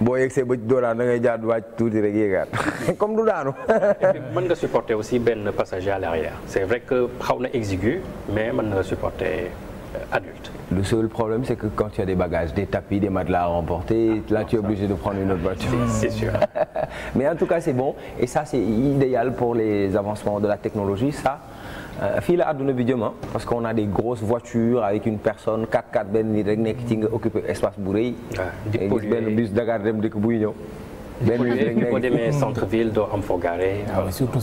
boo yegsee ba door daan da ngay jaar wàcc tuuti rek yéegaat <laughs> comme do daanu. mën nga supporter aussi benn passager à l'arrière c'est vrai que xaw na exigu mais mën nga supporter euh, adulte. Le seul problème c'est que quand tu as des bagages des tapis des matelas à remporter ah, tu es de prendre une autre <laughs> mais en tout cas c'est bon et ça c'est idéal pour les avancements de la technologie ça. Euh, fii la àdduna bi jëma ah, parce qu'on a des grosses voitures avec une personne 4 x benn nit rek nekk ci nga occupé espace bu rëy. gis benn bus Dakar dem dëkk buy ñëw. benn nit boo demee centre ville doo am foo garé. Ah, surtout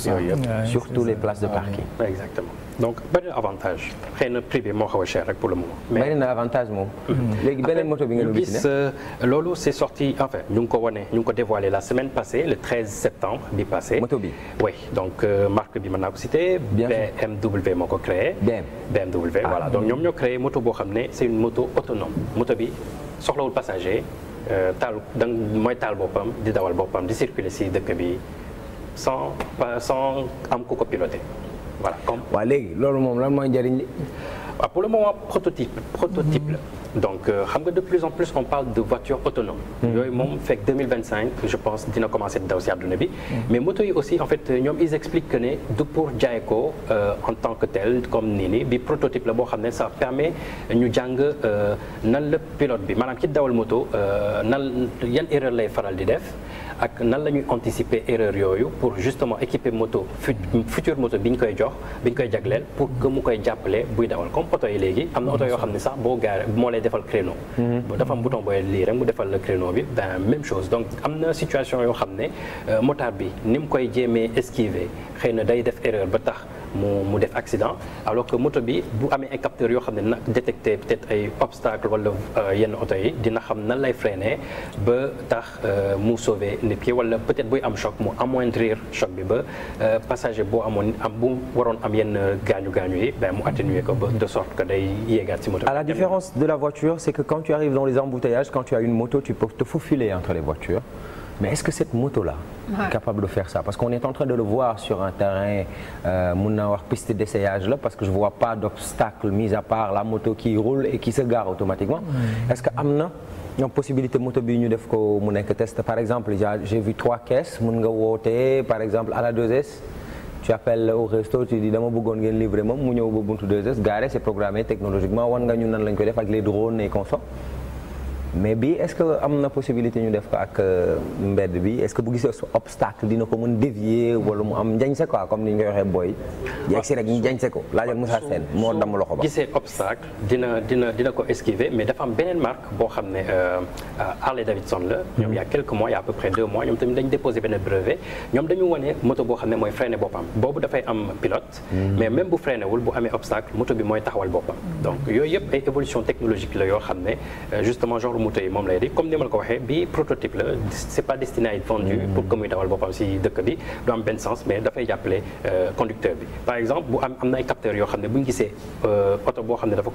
surtout les places de parking. donc bari na avantage xëy na prix bi moo xaw a cher rek pour le moment. mais bari na avantage moom. Mhm. léegi beneen moto bi nga doon gis euh, loolu c' est sorti en fait ñu ngi ko wane ñu ngi ko dévoilé la semaine passée le 13 septembre bi passé. moto bi oui donc euh, marque bi mën naa ko cité. BMW moo ko créé. BM BMW ah. voilà donc ñoom ñoo créé moto boo xam ne c' est une moto autonome moto bi soxlawul passager euh, taal dang mooy taal boppam di dawal boppam di circuler si dëkk bi sans sans am ku ko piloté. voilà comme waaw léegi loolu moom lan mooy njëriñ li. waaw pour le moment la. donc euh, xam nga de plus en plus on parle de hmm. yooyu moom fekk 2025 je pense dina commencé daw si àdduna bi hmm. mais moto yi aussi en fait ñoom ils expliquent ne du pour jaay ko euh, en tant tel comme nii nii bi prototype la boo xam ne ça permet ñu jàng euh, nan la pilote bi maanaam ki dawal moto nan yan erreur lay faral di def ak nan la ñuy anticiper erreur yooyu pour justement équiper moto future moto bi ñu koy jox bi ñu koy jagleel pour que mu koy jàppale buy dawal comme oto yi léegi am na oto yoo xam ne sax boo gaare moo lay defal créneau mhm. dafa am bouton booy lii rek mu defal la créneau bi ben même chose donc am na situation yoo xam ne euh, motard bi ni mu koy jéemee esquiver xëy na day def erreur ba tax mu mu def accident alors que moto bi bu amee ay capteurs yoo xam ne na détecté peut-être ay obstacle wala euh, yenn oto yi dina xam nan lay freiner ba tax euh, mu sauver nit ki wala peut-être buy am choc mu amoindrir choc bi ba euh, passager boo amoon am bu waroon am yenn gaañu gaañu yi ben mu atténuer ko ba de sorte que day yéegaat ci moto bi. à la différence de la voiture c'est que quand tu arrives dans les embouteillages quand tu as une moto tu peux te faufiler entre les voitures. mais est-ce que cette moto la ouais. est capable de faire ça parce qu'on est en train de le voir sur un terrain euh, mun naa wax piste d'essayage la parce que je vois pas d'obstacle mis à part la moto qui roule et qui se gare automatiquement ouais. est-ce que am na ñoom possibilité moto bi ñu def ko mu nekk test par exemple j'ai vu trois caisses mun nga woote par exemple à la 2S tu appelles a resto tu dis dama bëggoon ngeen livrer moom mu ñëw ba buntu 2S garé c'est programmé technologiquement wan nga ñu nan lañ koy def ak les drones et mais bii est-ce que am na possibilité ñu def ko ak euh, mbedd bi est-ce que bu gisee obstacle dina ko mën dévier wala mu am njañse quoi comme ni nga waxee booy. yegg si rek ñu njañse ko laajal Moussa Sène moo damm loxo ba. gisee obstacle dina dina dina ko esquiver mais dafa am beneen marque boo xam ne euh, euh, Harley Davidson la. Mm-hmm. ñoom y'a quelques mois y'a à peu près deux mois ñoom tamit dañu déposé benn brevet ñoom dañu wane moto boo xam ne mooy freiné boppam boobu dafay am pilote. Mm-hmm. mais même bu freiné wul bu amee obstacle moto bi mooy taxawal boppam. donc yooyu yëpp ay évolution technologique la yoo xam ne justement genre. promoteur yi moom lay di comme ni ma la ko waxee bi prototype la c'est pas destiné à vendu mm-hmm. pour que muy dawal boppam si dëkk bi du am benn sens mais dafay jàppale euh, conducteur bi par exemple bu am ay euh, boo xam ne dafa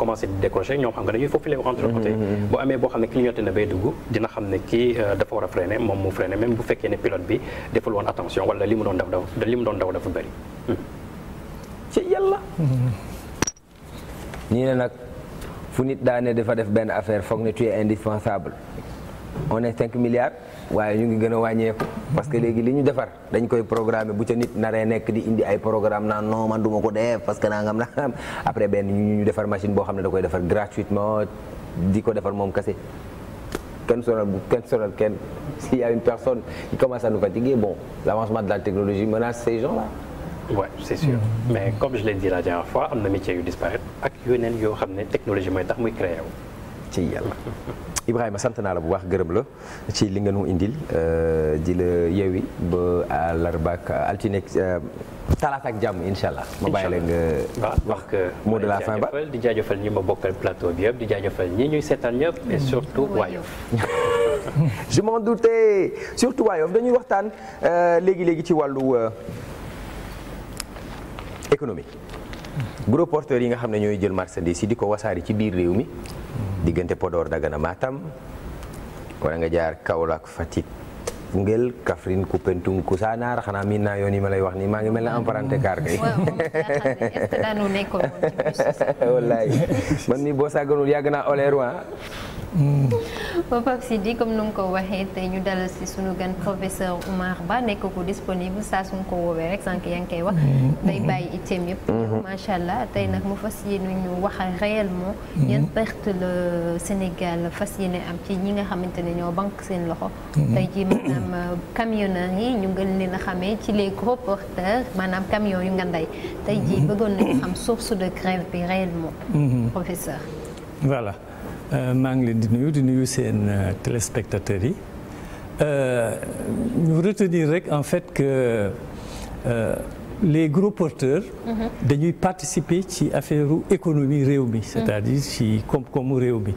mm-hmm. na bay dugg dina xam ne kii euh, dafa war a freiner moom mu freiner même bu fekkee ne pilote bi deful woon attention wala li mu doon daw dafa bëri hmm. ci yàlla mm-hmm. fu nit daane dafa def benn affaire foog ne tu es indispensable on est 5 milliards waaye ñu ngi gën a wàññeeku parce que léegi li ñu defar dañ koy programmer bu ca nit naree nekk di indi ay programme naan non man duma ko def parce que naa nangam nangam après benn ñu ñu defar machine boo xam ne da koy defar gratuitement di ko defar moom kese kenn sonal bu kenn sonal kenn s'il <laughs> y a une personne qui commence à nous fatiguer bon l'avancement de la technologie menace ces oui c'est sûr mm. mais comme je la dernière am na métier yu disparaître ak yeneen yoo xam ne technologie mooy tax muy créé wu. ci Ibrahima sant naa la bu baax gërëm la ci li nga nu indil euh, di la yeewi ba àllarba ak altine euh, talaata ak jàmm incha allah. ma bàyyi la nga wax euh, moo de la fin ba di jaajëfal ñi ma bokkal plateau bi yëpp di jaajëfal ñi ñuy seetaan ñëpp et surtout waayof. <laughs> je m'en doutais surtout waayof dañuy waxtaan léegi léegi ci wàllu. économie gros porteurs yi nga xam ne ñooy jël marchandise yi di ko wasaari ci biir réew mi diggante Podor Dagana Matam wala nga jaar Kaolack Fatick Koungheul Kaffrine Koupentoum Koussanar xanaa miin naa yoon yi ma lay wax nii maa ngi mel ne emprunté car kay. <laughs> wallaay man mii yàgg naa oleeru ah. Mm. Pape comme nu ko waxee tey ñu dalal si sunu gan professeur Oumar Ba nekk ko disponible saa su ko woowee rek sànq yaa ngi koy wax. Mm-hmm. day bàyyi mm-hmm. macha allah tey nag mu fas yéene ñu wax réellement. Mm-hmm. yan perte le Sénégal fas yéene am ci ñi nga xamante ne ñoo banque seen loxo. tey jii maanaam Euh, camionneurs yi ñu gën leen a xamee ci les gros porteurs maanaam camions yu nga nday tey jii mhm. bëggoon nañu xam source de grève bi réellement. Mhm. professeur. voilà euh, maa ngi leen di nuyu di nuyu seen euh, téléspectateurs yi ñu retenir rek en fait que euh, les gros porteurs. Mhm. dañuy participer ci affaire économie réew mi. c'est-à-dire ci koom-koomu réew mi.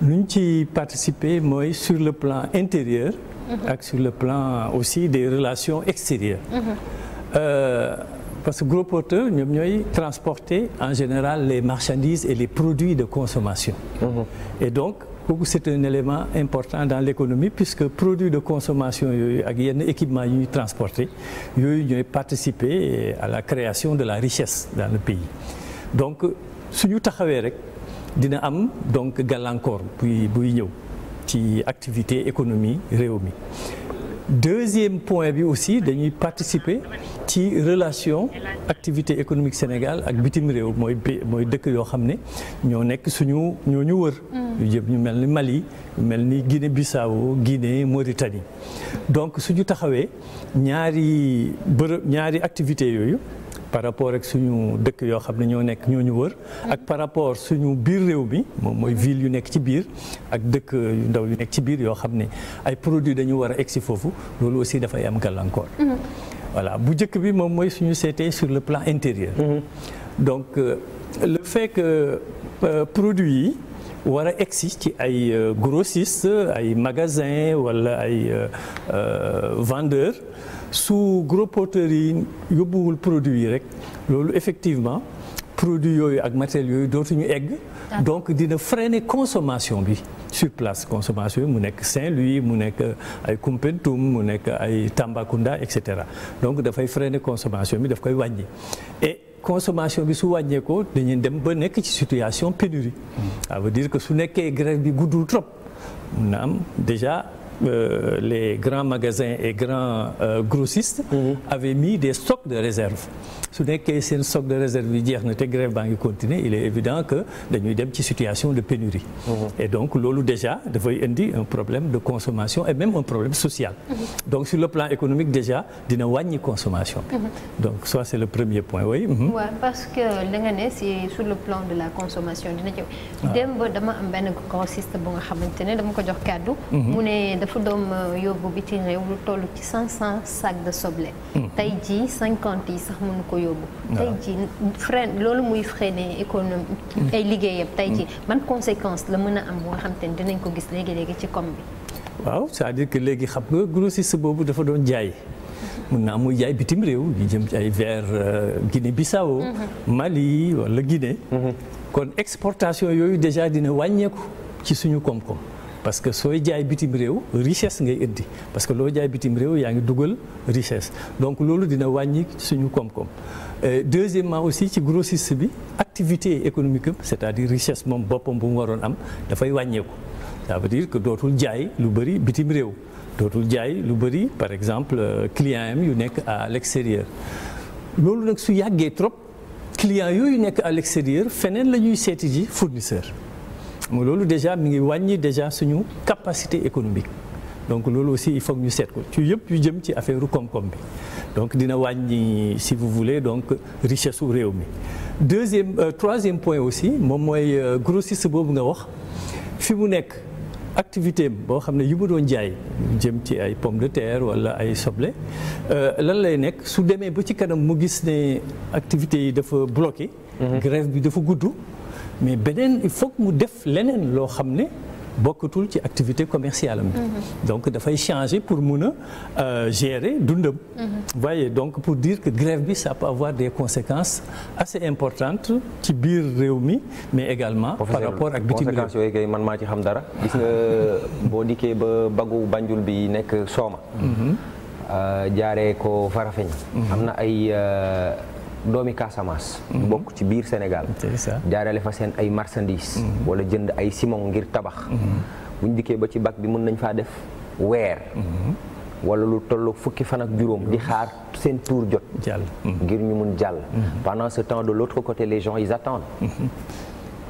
lu ñu ci participer mooy sur le plan intérieur. Mm-hmm. ak sur le plan aussi des relations extérieures mm-hmm. euh, parce que gros porteurs ñoom ñooy transporter en général les marchandises et les produits de consommation mm-hmm. et donc kooku c'est un élément important dans l'économie puisque produits de consommation yooyu ak yenn équipement yu ñuy transporter yooyu ñooy participer à la création de la richesse dans le pays donc suñu taxawee rek dina am donc gàllankoor buy buy ñëw ci activité économie réew mi deuxième point bi aussi dañuy participer ci relation activité économique Sénégal ak bitim réew mooy dëkk yoo xam ne ñoo nekk suñu ñooñu wër. Mm. yu jëm ñu mel ni Mali ñu mel ni Guinée Bissau Guinée Mauritanie donc suñu taxawee ñaari bërëb ñaari activités yooyu. par rapport ak suñu dëkk yoo xam ne ñoo nekk ñoo ñu wër ak par rapport suñu biir réew mi moom mooy ville yu nekk ci biir ak dëkk yu ndaw yu nekk ci biir yoo xam ne ay produits dañu war a egsi foofu loolu aussi dafay am gàllankoor. Mhm. voilà bu njëkk bi moom mooy suñu seetee sur le plan intérieur. Mhm. donc euh, le fait que euh, produits yi war a egsi ci ay euh, grossistes ay magasins walla ay vendeurs. su gros porteurs yi yóbbuwul produit yi rek loolu effectivement produit yooyu ak matériel yooyu dootuñu egg donc dina freiner consommation bi sur place consommation bi mu nekk Saint-Louis mu nekk ay Koumpentoum mu nekk ay Tambacounda et cetera donc dafay freiner consommation bi daf koy wàññi et consommation bi su wàññeekoo dañuy dem ba nekk ci situation pénurie hmm. su nekkee grève bi guddul trop mun na am déjà euh, les grands magasins et grands euh, grossistes mhm. mis des stocks de réserve su nekkee seen stock de réserve yi jeex na te grève baa ngi continuer il est évident que dañuy dem ci situation de pénurie mhm. et donc loolu déjà dafay indi un problème de consommation et même un problème social mhm. donc sur le plan économique di dina wàññi consommation donc ça c'est le que da nga ne si sur le plan de la consommation dina jëm. Ah. démb dama am benn grossiste bu dama ko dafa doom euh, yóbbu bitim réew lu toll ci cinq cent sacs de soble. Hmm. tey jii cinquante yi sax mënu ko yóbbu. tey jii frein loolu muy freiné économie hmm. ay liggéeyam tey jii hmm. ban conséquence la mën a am bu nga ko gis léegi léegi ci com waaw cest à léegi xam nga grossiste boobu dafa doon jaay. mun naa muy jaay bitim réew di jëm ci ay vers euh, Guinée Bissau Mali wala Guinée. kon exportation yooyu déjà dina wàññeeku ci suñu koom-koom. parce que sooy jaay bitim réew richesse ngay indi parce que loo jaay bitim réew yaa ngi dugal richesse donc loolu dina wàññi suñu koom-koom deuxièmement aussi ci grossiste bi activité économique am c'est-à-dire richesse moom boppam bu mu waroon am dafay wàññeeku ça dire que dootul jaay lu bëri bitim réew dootul jaay lu bëri par exemple euh, client am yu nekk à l'extérieur loolu nag su yàggee trop client yooyu nekk à l'extérieur feneen la ñuy seeti ji fournisseur loolu déjà mu ngi wàññi déjà suñu capacité économique donc loolu aussi il faut ñu seet ko ci yëpp yu jëm ci affaire koom bi donc dina wàññi si vous voulez donc richesse u réew mi deuxième euh, troisième point aussi moom mooy euh, grossiste boobu nga wax fi mu nekk activité boo xam ne yu mu doon jaay jëm ci ay pomme de terre wala ay soble euh, lan lay nekk su demee ba ci kanam mu gis ne activités yi dafa bloqué mhm. grève bi dafa gudd mais beneen il faut mu def leneen loo xam ne bokkatul ci activité commerciale am mhm. donc dafay changer pour mun a euh, gérer dundam mhm. vous donc pour dire que grève bi ça peut avoir des conséquences assez importantes ci biir réew mi mais également par rapport ak bitim réew conséquences yooyu man maa ci xam dara <laughs> boo dikkee ba bagu Banjul bi nekk Sooma mhm. euh, jaaree ko Farafeñ am na ay euh, doomi Casamance. Mhm. bokk ci biir Sénégal. jaarale fa seen ay marchandises. Mhm. wala jënd ay simon ngir tabax. Mhm. buñ dikkee ba ci bag bi mën nañ faa def weer. wala lu tolloog fukki fan ak juróom di xaar seen tour jot. jàll ngir ñu mun jàll. pendant ce temps de l'autre côté les gens ils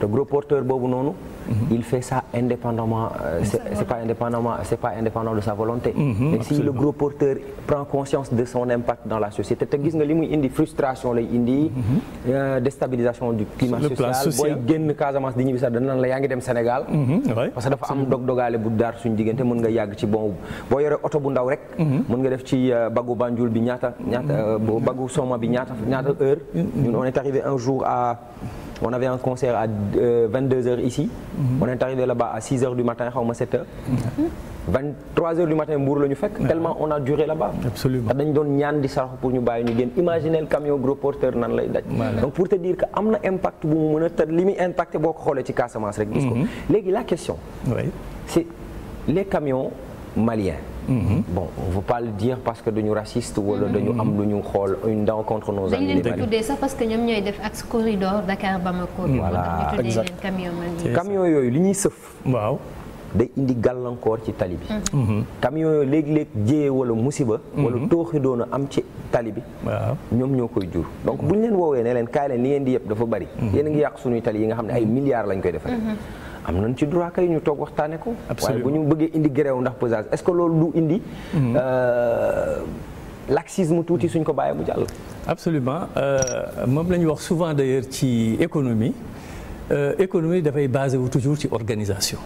te gros porteur boobu noonu. Mm-hmm. il fait ça indépendamment euh, c'est pas indépendamment c'est pas indépendant de sa volonté mm-hmm, mais si le gros porteur prend conscience de son impact dans la société te gis nga li muy indi frustration lay indi mm-hmm. euh, déstabilisation du climat social booy génn Casamance di ñibbi sax danan la yaa ngi dem Sénégal parce que dafa am dog-dogaale bu daar suñ diggante mën nga yàgg ci bon boo yore oto bu ndaw rek mën nga def ci euh, bagu Banjul bi ñaata heure ñun on est arrivé un on avait un concert à euh, vingt deux heures ici. Mhm. on est arrivé là-bas à six heures du matin xaw ma sept heures. Mhm. vingt trois heures du matin Mbour la ñu fekk. tellement on a duré là-bas. absolument dañ doon ñaan di sarax pour ñu bàyyi ñu génn imaginez le camion gros porteur nan lay daj. donc pour te dire que am na impact bu mu mën a te li muy impacté boo ko xoolee ci Casamance rek. gis ko mhm. léegi la question. oui c'est les camions maliens. Mhm. bon on veut pas le dire parce que dañu raciste wala mhm. dañu am lu ñu xool une dent contre nos amis. dañu leen di parce que ñoom ñooy def axe corridor Dakar Bamako. Mhm. voilà exact camion yooyu li ñuy sëf. waaw. day indi gàllankoor ci tali bi. camion yooyu léeg-léeg jéye wala musiba. wala tooxi doon am ci tali bi. ñoom ñoo koy jur. donc buñ leen woowee ne leen kaay leen di yëpp dafa bari. yéen a ngi yàq yi nga xam ne ay milliards lañ koy defaree. am nañ ci droit kay ñu toog waxtaane ko. waaye bu ñu bëggee indi grève ndax pesage est-ce que loolu du indi. Mhm. Euh, laxisme tuuti suñ ko bàyyee mu jàll. absolument euh, moom la ñu wax souvent d'ailleurs ci économie euh, économie dafay basé wu toujours ci organisation.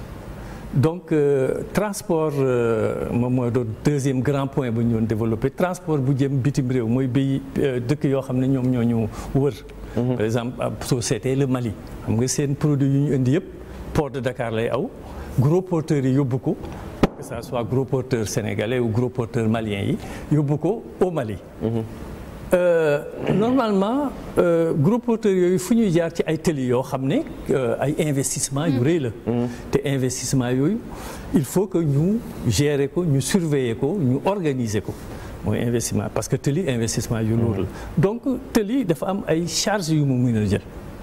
donc euh, transport euh, moom mooy doon deuxième grand point bu ñu doon développé transport bu jëm bitim réew mooy béy dëkk yoo xam ne ñoom ñoo ñu wër. Mhm. par exemple soo seetee le Mali xam nga seen produit yu ñu indi yëpp. port de Dakar lay aw gros porteurs yi yóbbu ko que ça soit gros porteurs sénégalais ou gros porteurs maliens yi yóbbu ko au Mali. Mm-hmm. Euh, normalement euh, gros porteurs yooyu fu ñuy jaar ci ay tëli yoo xam ne euh, ay investissement yu mm-hmm. rëy la. Mm-hmm. te investissement yooyu il faut que ñu gérer ko ñu surveiller ko ñu organiser ko mooy investissement parce que tëli investissement yu lourd la donc tëli dafa am ay charges yu mu mën a jël.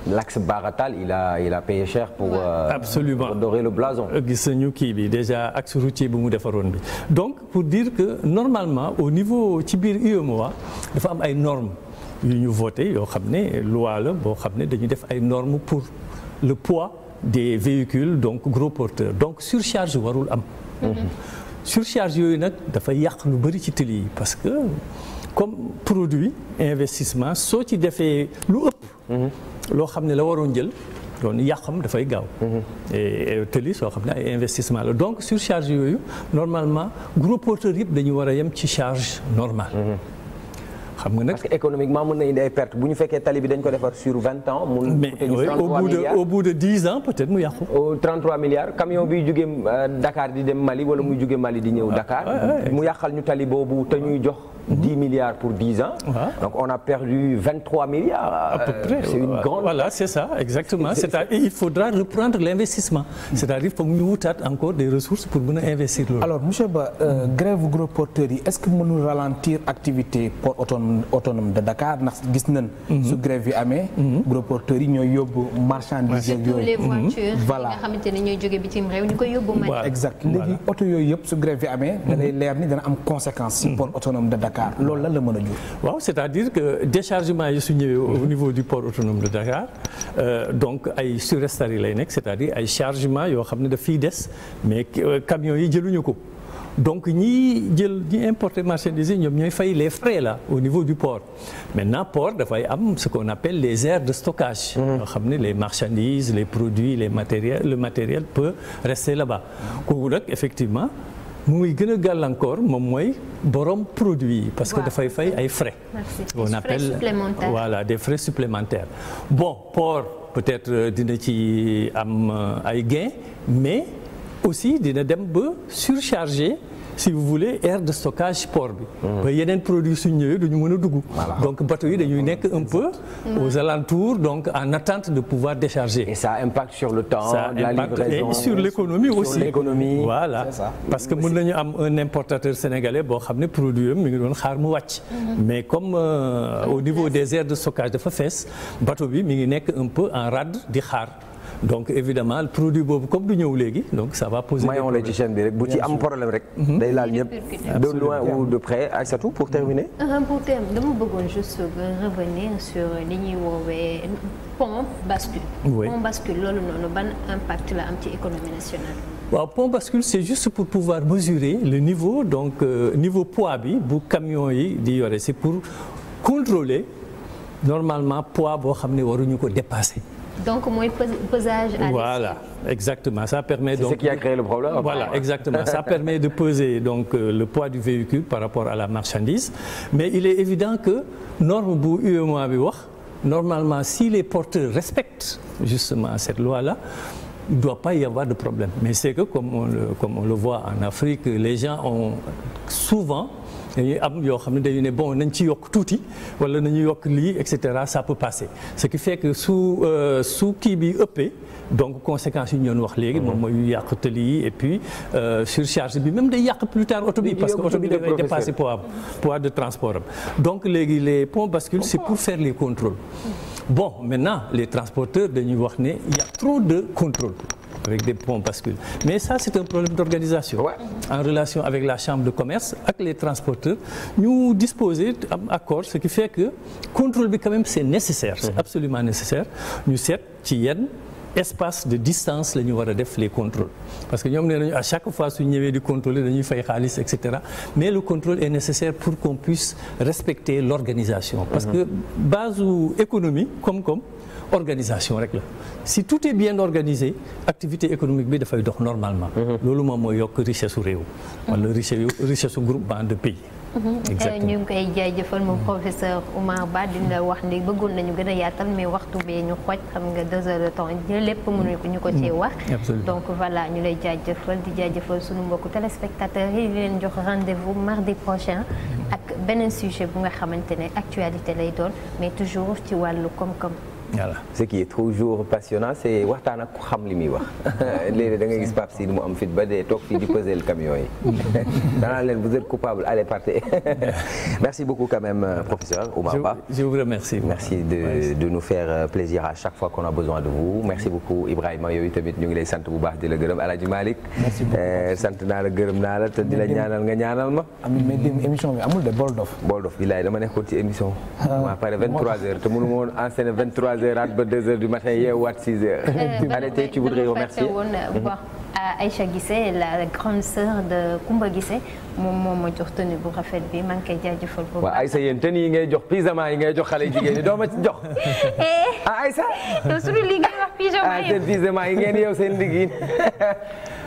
l'axe Baratal il a il a payé cher pour. Euh, absolument pour dorer le blason. gis nañu kii bi déjà axe routier bi mu defaroon bi donc pour dire que normalement au niveau ci biir UEMOA dafa am ay normes yu ñu voté yoo xam ne loi boo xam ne dañu def ay normes pour le poids des véhicules donc gros porteurs donc surcharge warul am. Mhm. surcharge yooyu nag dafa yàq lu bëri ci tëli yi parce que comme produit investissement soo ci defee lu ëpp. Mhm. loo xam ne la waroon jël loolu yàqam dafay gaaw. Mhm. et tëli soo xam ne ay investissement la donc surcharge yooyu normalement gros porteurs yëpp dañu war a yem ci charge normale. Mhm. xam nga nag parce que économiquement mën na indi ay perte bu ñu fekkee tali bi dañ ko defar sur vingt ans. mu tëj au bout de au bout de dix ans peut-être mu yàqu. trente trois milliards camion biy jóge euh, Dakar di dem Mali wala muy jóge Mali di ñëw ah, Dakar. mu yàqal ñu tali boobu te ñuy jox. 10 mhm. milliards pour 10 ans. Ah. Donc on a perdu 23 milliards. À peu près. Euh, c'est une ça, exactement. il faudra reprendre l'investissement. Mhm. C'est-à-dire foog ñu wutaat encore des ressources pour mën investir loolu. alors monsieur Ba euh, grève gros porteurs est-ce que mënul ralentir activité port autonome autonome de Dakar nax gis nañ. Mhm. su grève yi amee. gros porteurs yi ñooy yóbbu marchandises yeeg yooyu. les voitures. voilà nga xamante ne ñooy yooyu yëpp su grève yi amee. da lay leer ni dana am conséquence. ci port autonome de Dakar. Dakar loolu lan la mën a jur. waaw c'est-à-dire que déchargement yi su ñëwee au niveau du port autonome de Dakar euh, donc ay surestaries yi lay nekk cest a dire ay chargement yoo xam ne daf fiy des mais euh, camion yi jëluñu ko. donc ñi jël ñi importer marchandises yi ñoom ñooy fay les frais là au niveau du port maintenant por dafay am ce qu'on appelle les aires de stockage mm-hmm. yoo xam ne les marchandises les produits les matériels le matériel peut rester là-bas kooku effectivement mu muy gën a gàllankoor moom mooy borom produit yi parce que dafay fay ay frais on appelle voilà des frais supplémentaires bon por peut-être euh, dina ci am euh, ay gain mais aussi dina dem ba surcharger <laughs> si vous voulez aire de stockage port bi. Hmm. ba yeneen produit suñ ñëwee duñu mën a dugg. donc bato yi dañuy nekk un peu. Hmm. aux alentours donc en attente de pouvoir décharger. et ça impacte sur le temps. Ça la livraison l'économie aussi parce que mën nañu am un importateur sénégalais boo xam ne produit am mi ngi doon xaar mu wàcc. Hmm. mais comme euh, au niveau des aires de stockage dafa fees bateau bi mi ngi nekk un peu en rade di xaar. donc évidemment produit boobu comme du ñëw léegi donc ça va poser. mayon la ci chaîne bi rek bu ci am problème rek. Mhm. day laal ñëpp de loin ou de près Aïssatou pour mhm. terminer. Euh, pour terminer dama bëggoon juste revenir sur li ñuy woowee pont bascule. oui pont bascule loolu impact la am économie nationale. pont bascule c'est juste pour pouvoir mesurer le niveau donc euh, niveau poids bi bu camion yi di yore c'est pour contrôler normalement poids boo xam ne waruñu ko dépassé donc mooy pesage. à voilà exactement ça permet. donc c'est ce qui a créé le problème. voilà exactement ça <laughs> permet de peser donc euh, le poids du véhicule par rapport à la marchandise mais il est évident que norme bu UEMOA bi wax normalement si les porteurs respectent justement cette loi là. Il doit pas y avoir de problème mais c'est que comme on le, comme on le voit en Afrique les gens ont souvent dañuy am yoo xam ne dañu ne bon nañ ci yokk tuuti wala nañu yokk lii et cetera ça peut passer ce qui fait que su euh, kii bi ëppee donc conséquences yi ñoon wax léegi moom mooy yàq tëli yi et puis euh, surcharge bi même day yàq plus tard auto bi parce que auto bi dafay dépasser poids am poids de transport am donc léegi les ponts bascules c'est pour faire les controle bon maintenant les transporteurs dañuy wax ne il y a trop de contrôle avec des ponts bascules. Mais ça, c'est un problème d'organisation. Ouais. En relation avec la chambre de commerce, avec les transporteurs, nous disposer d'un accord, ce qui fait que le contrôle, quand même, c'est nécessaire, c'est mmh. absolument nécessaire. Nous sommes espace de distance la ñu war def les contrôles parce que ñoom nee nañu à chaque fois su ñëwee di contrôler dañuy fay xaalis et cetera mais le contrôle est nécessaire pour qu'on puisse respecter l'organisation parce mhm. que base économie organisation rek la si tout bien organisé activité économique bi dafay dox normalement. Mhm. loolu moom mooy yokk richesse su réew. wala mhm. richesse su groupement de pays. Mhm. Eh, exactement ñu ngi koy jaajëfal moom professeur Oumar Ba dina la wax ni bëggoon nañu gën a yaatal mais waxtu bee ñu xooj xam nga deux heures de temps lépp mënuñu ko ñu ko cee wax. donc voilà ñu lay jaajëfal di jaajëfal suñu mbokku téléspectateurs yi di leen jox rendez-vous mardi prochain. ak beneen sujet bu nga xamante ne actualité lay doon mais ci wàllu koom voilà ce qui est toujours passionnant c' est waxtaan ak ku xam li muy wax <laughs> léeg-léeg da ngay gis Pape Sidi mu am fit ba dee toog fii di peser le camion yi <laughs> mm. <laughs> danaa leen vous êtes coupable allez partez merci beaucoup quand même euh, professeur Oumar Ba je vous remercie merci de de nous faire euh, plaisir à chaque fois qu'on a besoin de vous merci mm. beaucoup Ibrahima yooyu tamit ñu ngi lay sant bu baax di la gërëm El Hadj Malick euh, sant naa la gërëm naa la te di la ñaanal nga ñaanal ma amin ah, mais démb émission bi amul de Boldof Boldof bilaay dama nekkoon ci émission ah. maa pare 23 heures te mënu ma woon enchaîner 23 heures ba deux heures du matin yeewaat six heures. Euh, Allez, <laughs> tu voudrais remercier <laughs> Aïcha Guissé la grande sœur de Koumba Guissé moom moo ma jox tenue bu rafet bi maa ngi koy jaajëfal bu baax. waaw Aïcha yéen tenue yi ngay jox pyjama yi ngay jox xale jigéen ñi doo ma ci jox. <laughs> Eh, ah Aïcha. yow suñu liggéey wax pyjama ah, yi ah seen pyjama yi ngeen yow seen liggéey.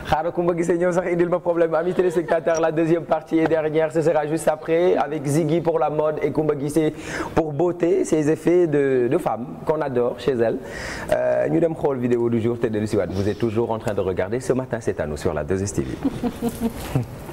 xaaral ku ma gisee ñëw sax indil ma problème amis téléspectateurs la deuxième partie et dernière ce sera juste après avec Ziggy pour la mode et Kumba Gissé pour beauté ces effets de de qu'on adore chez elle euh, ñu dem xool vidéo du jour te dellu si waat vous êtes toujours en train de regarder ce matin c'est à nous sur la 2 <laughs>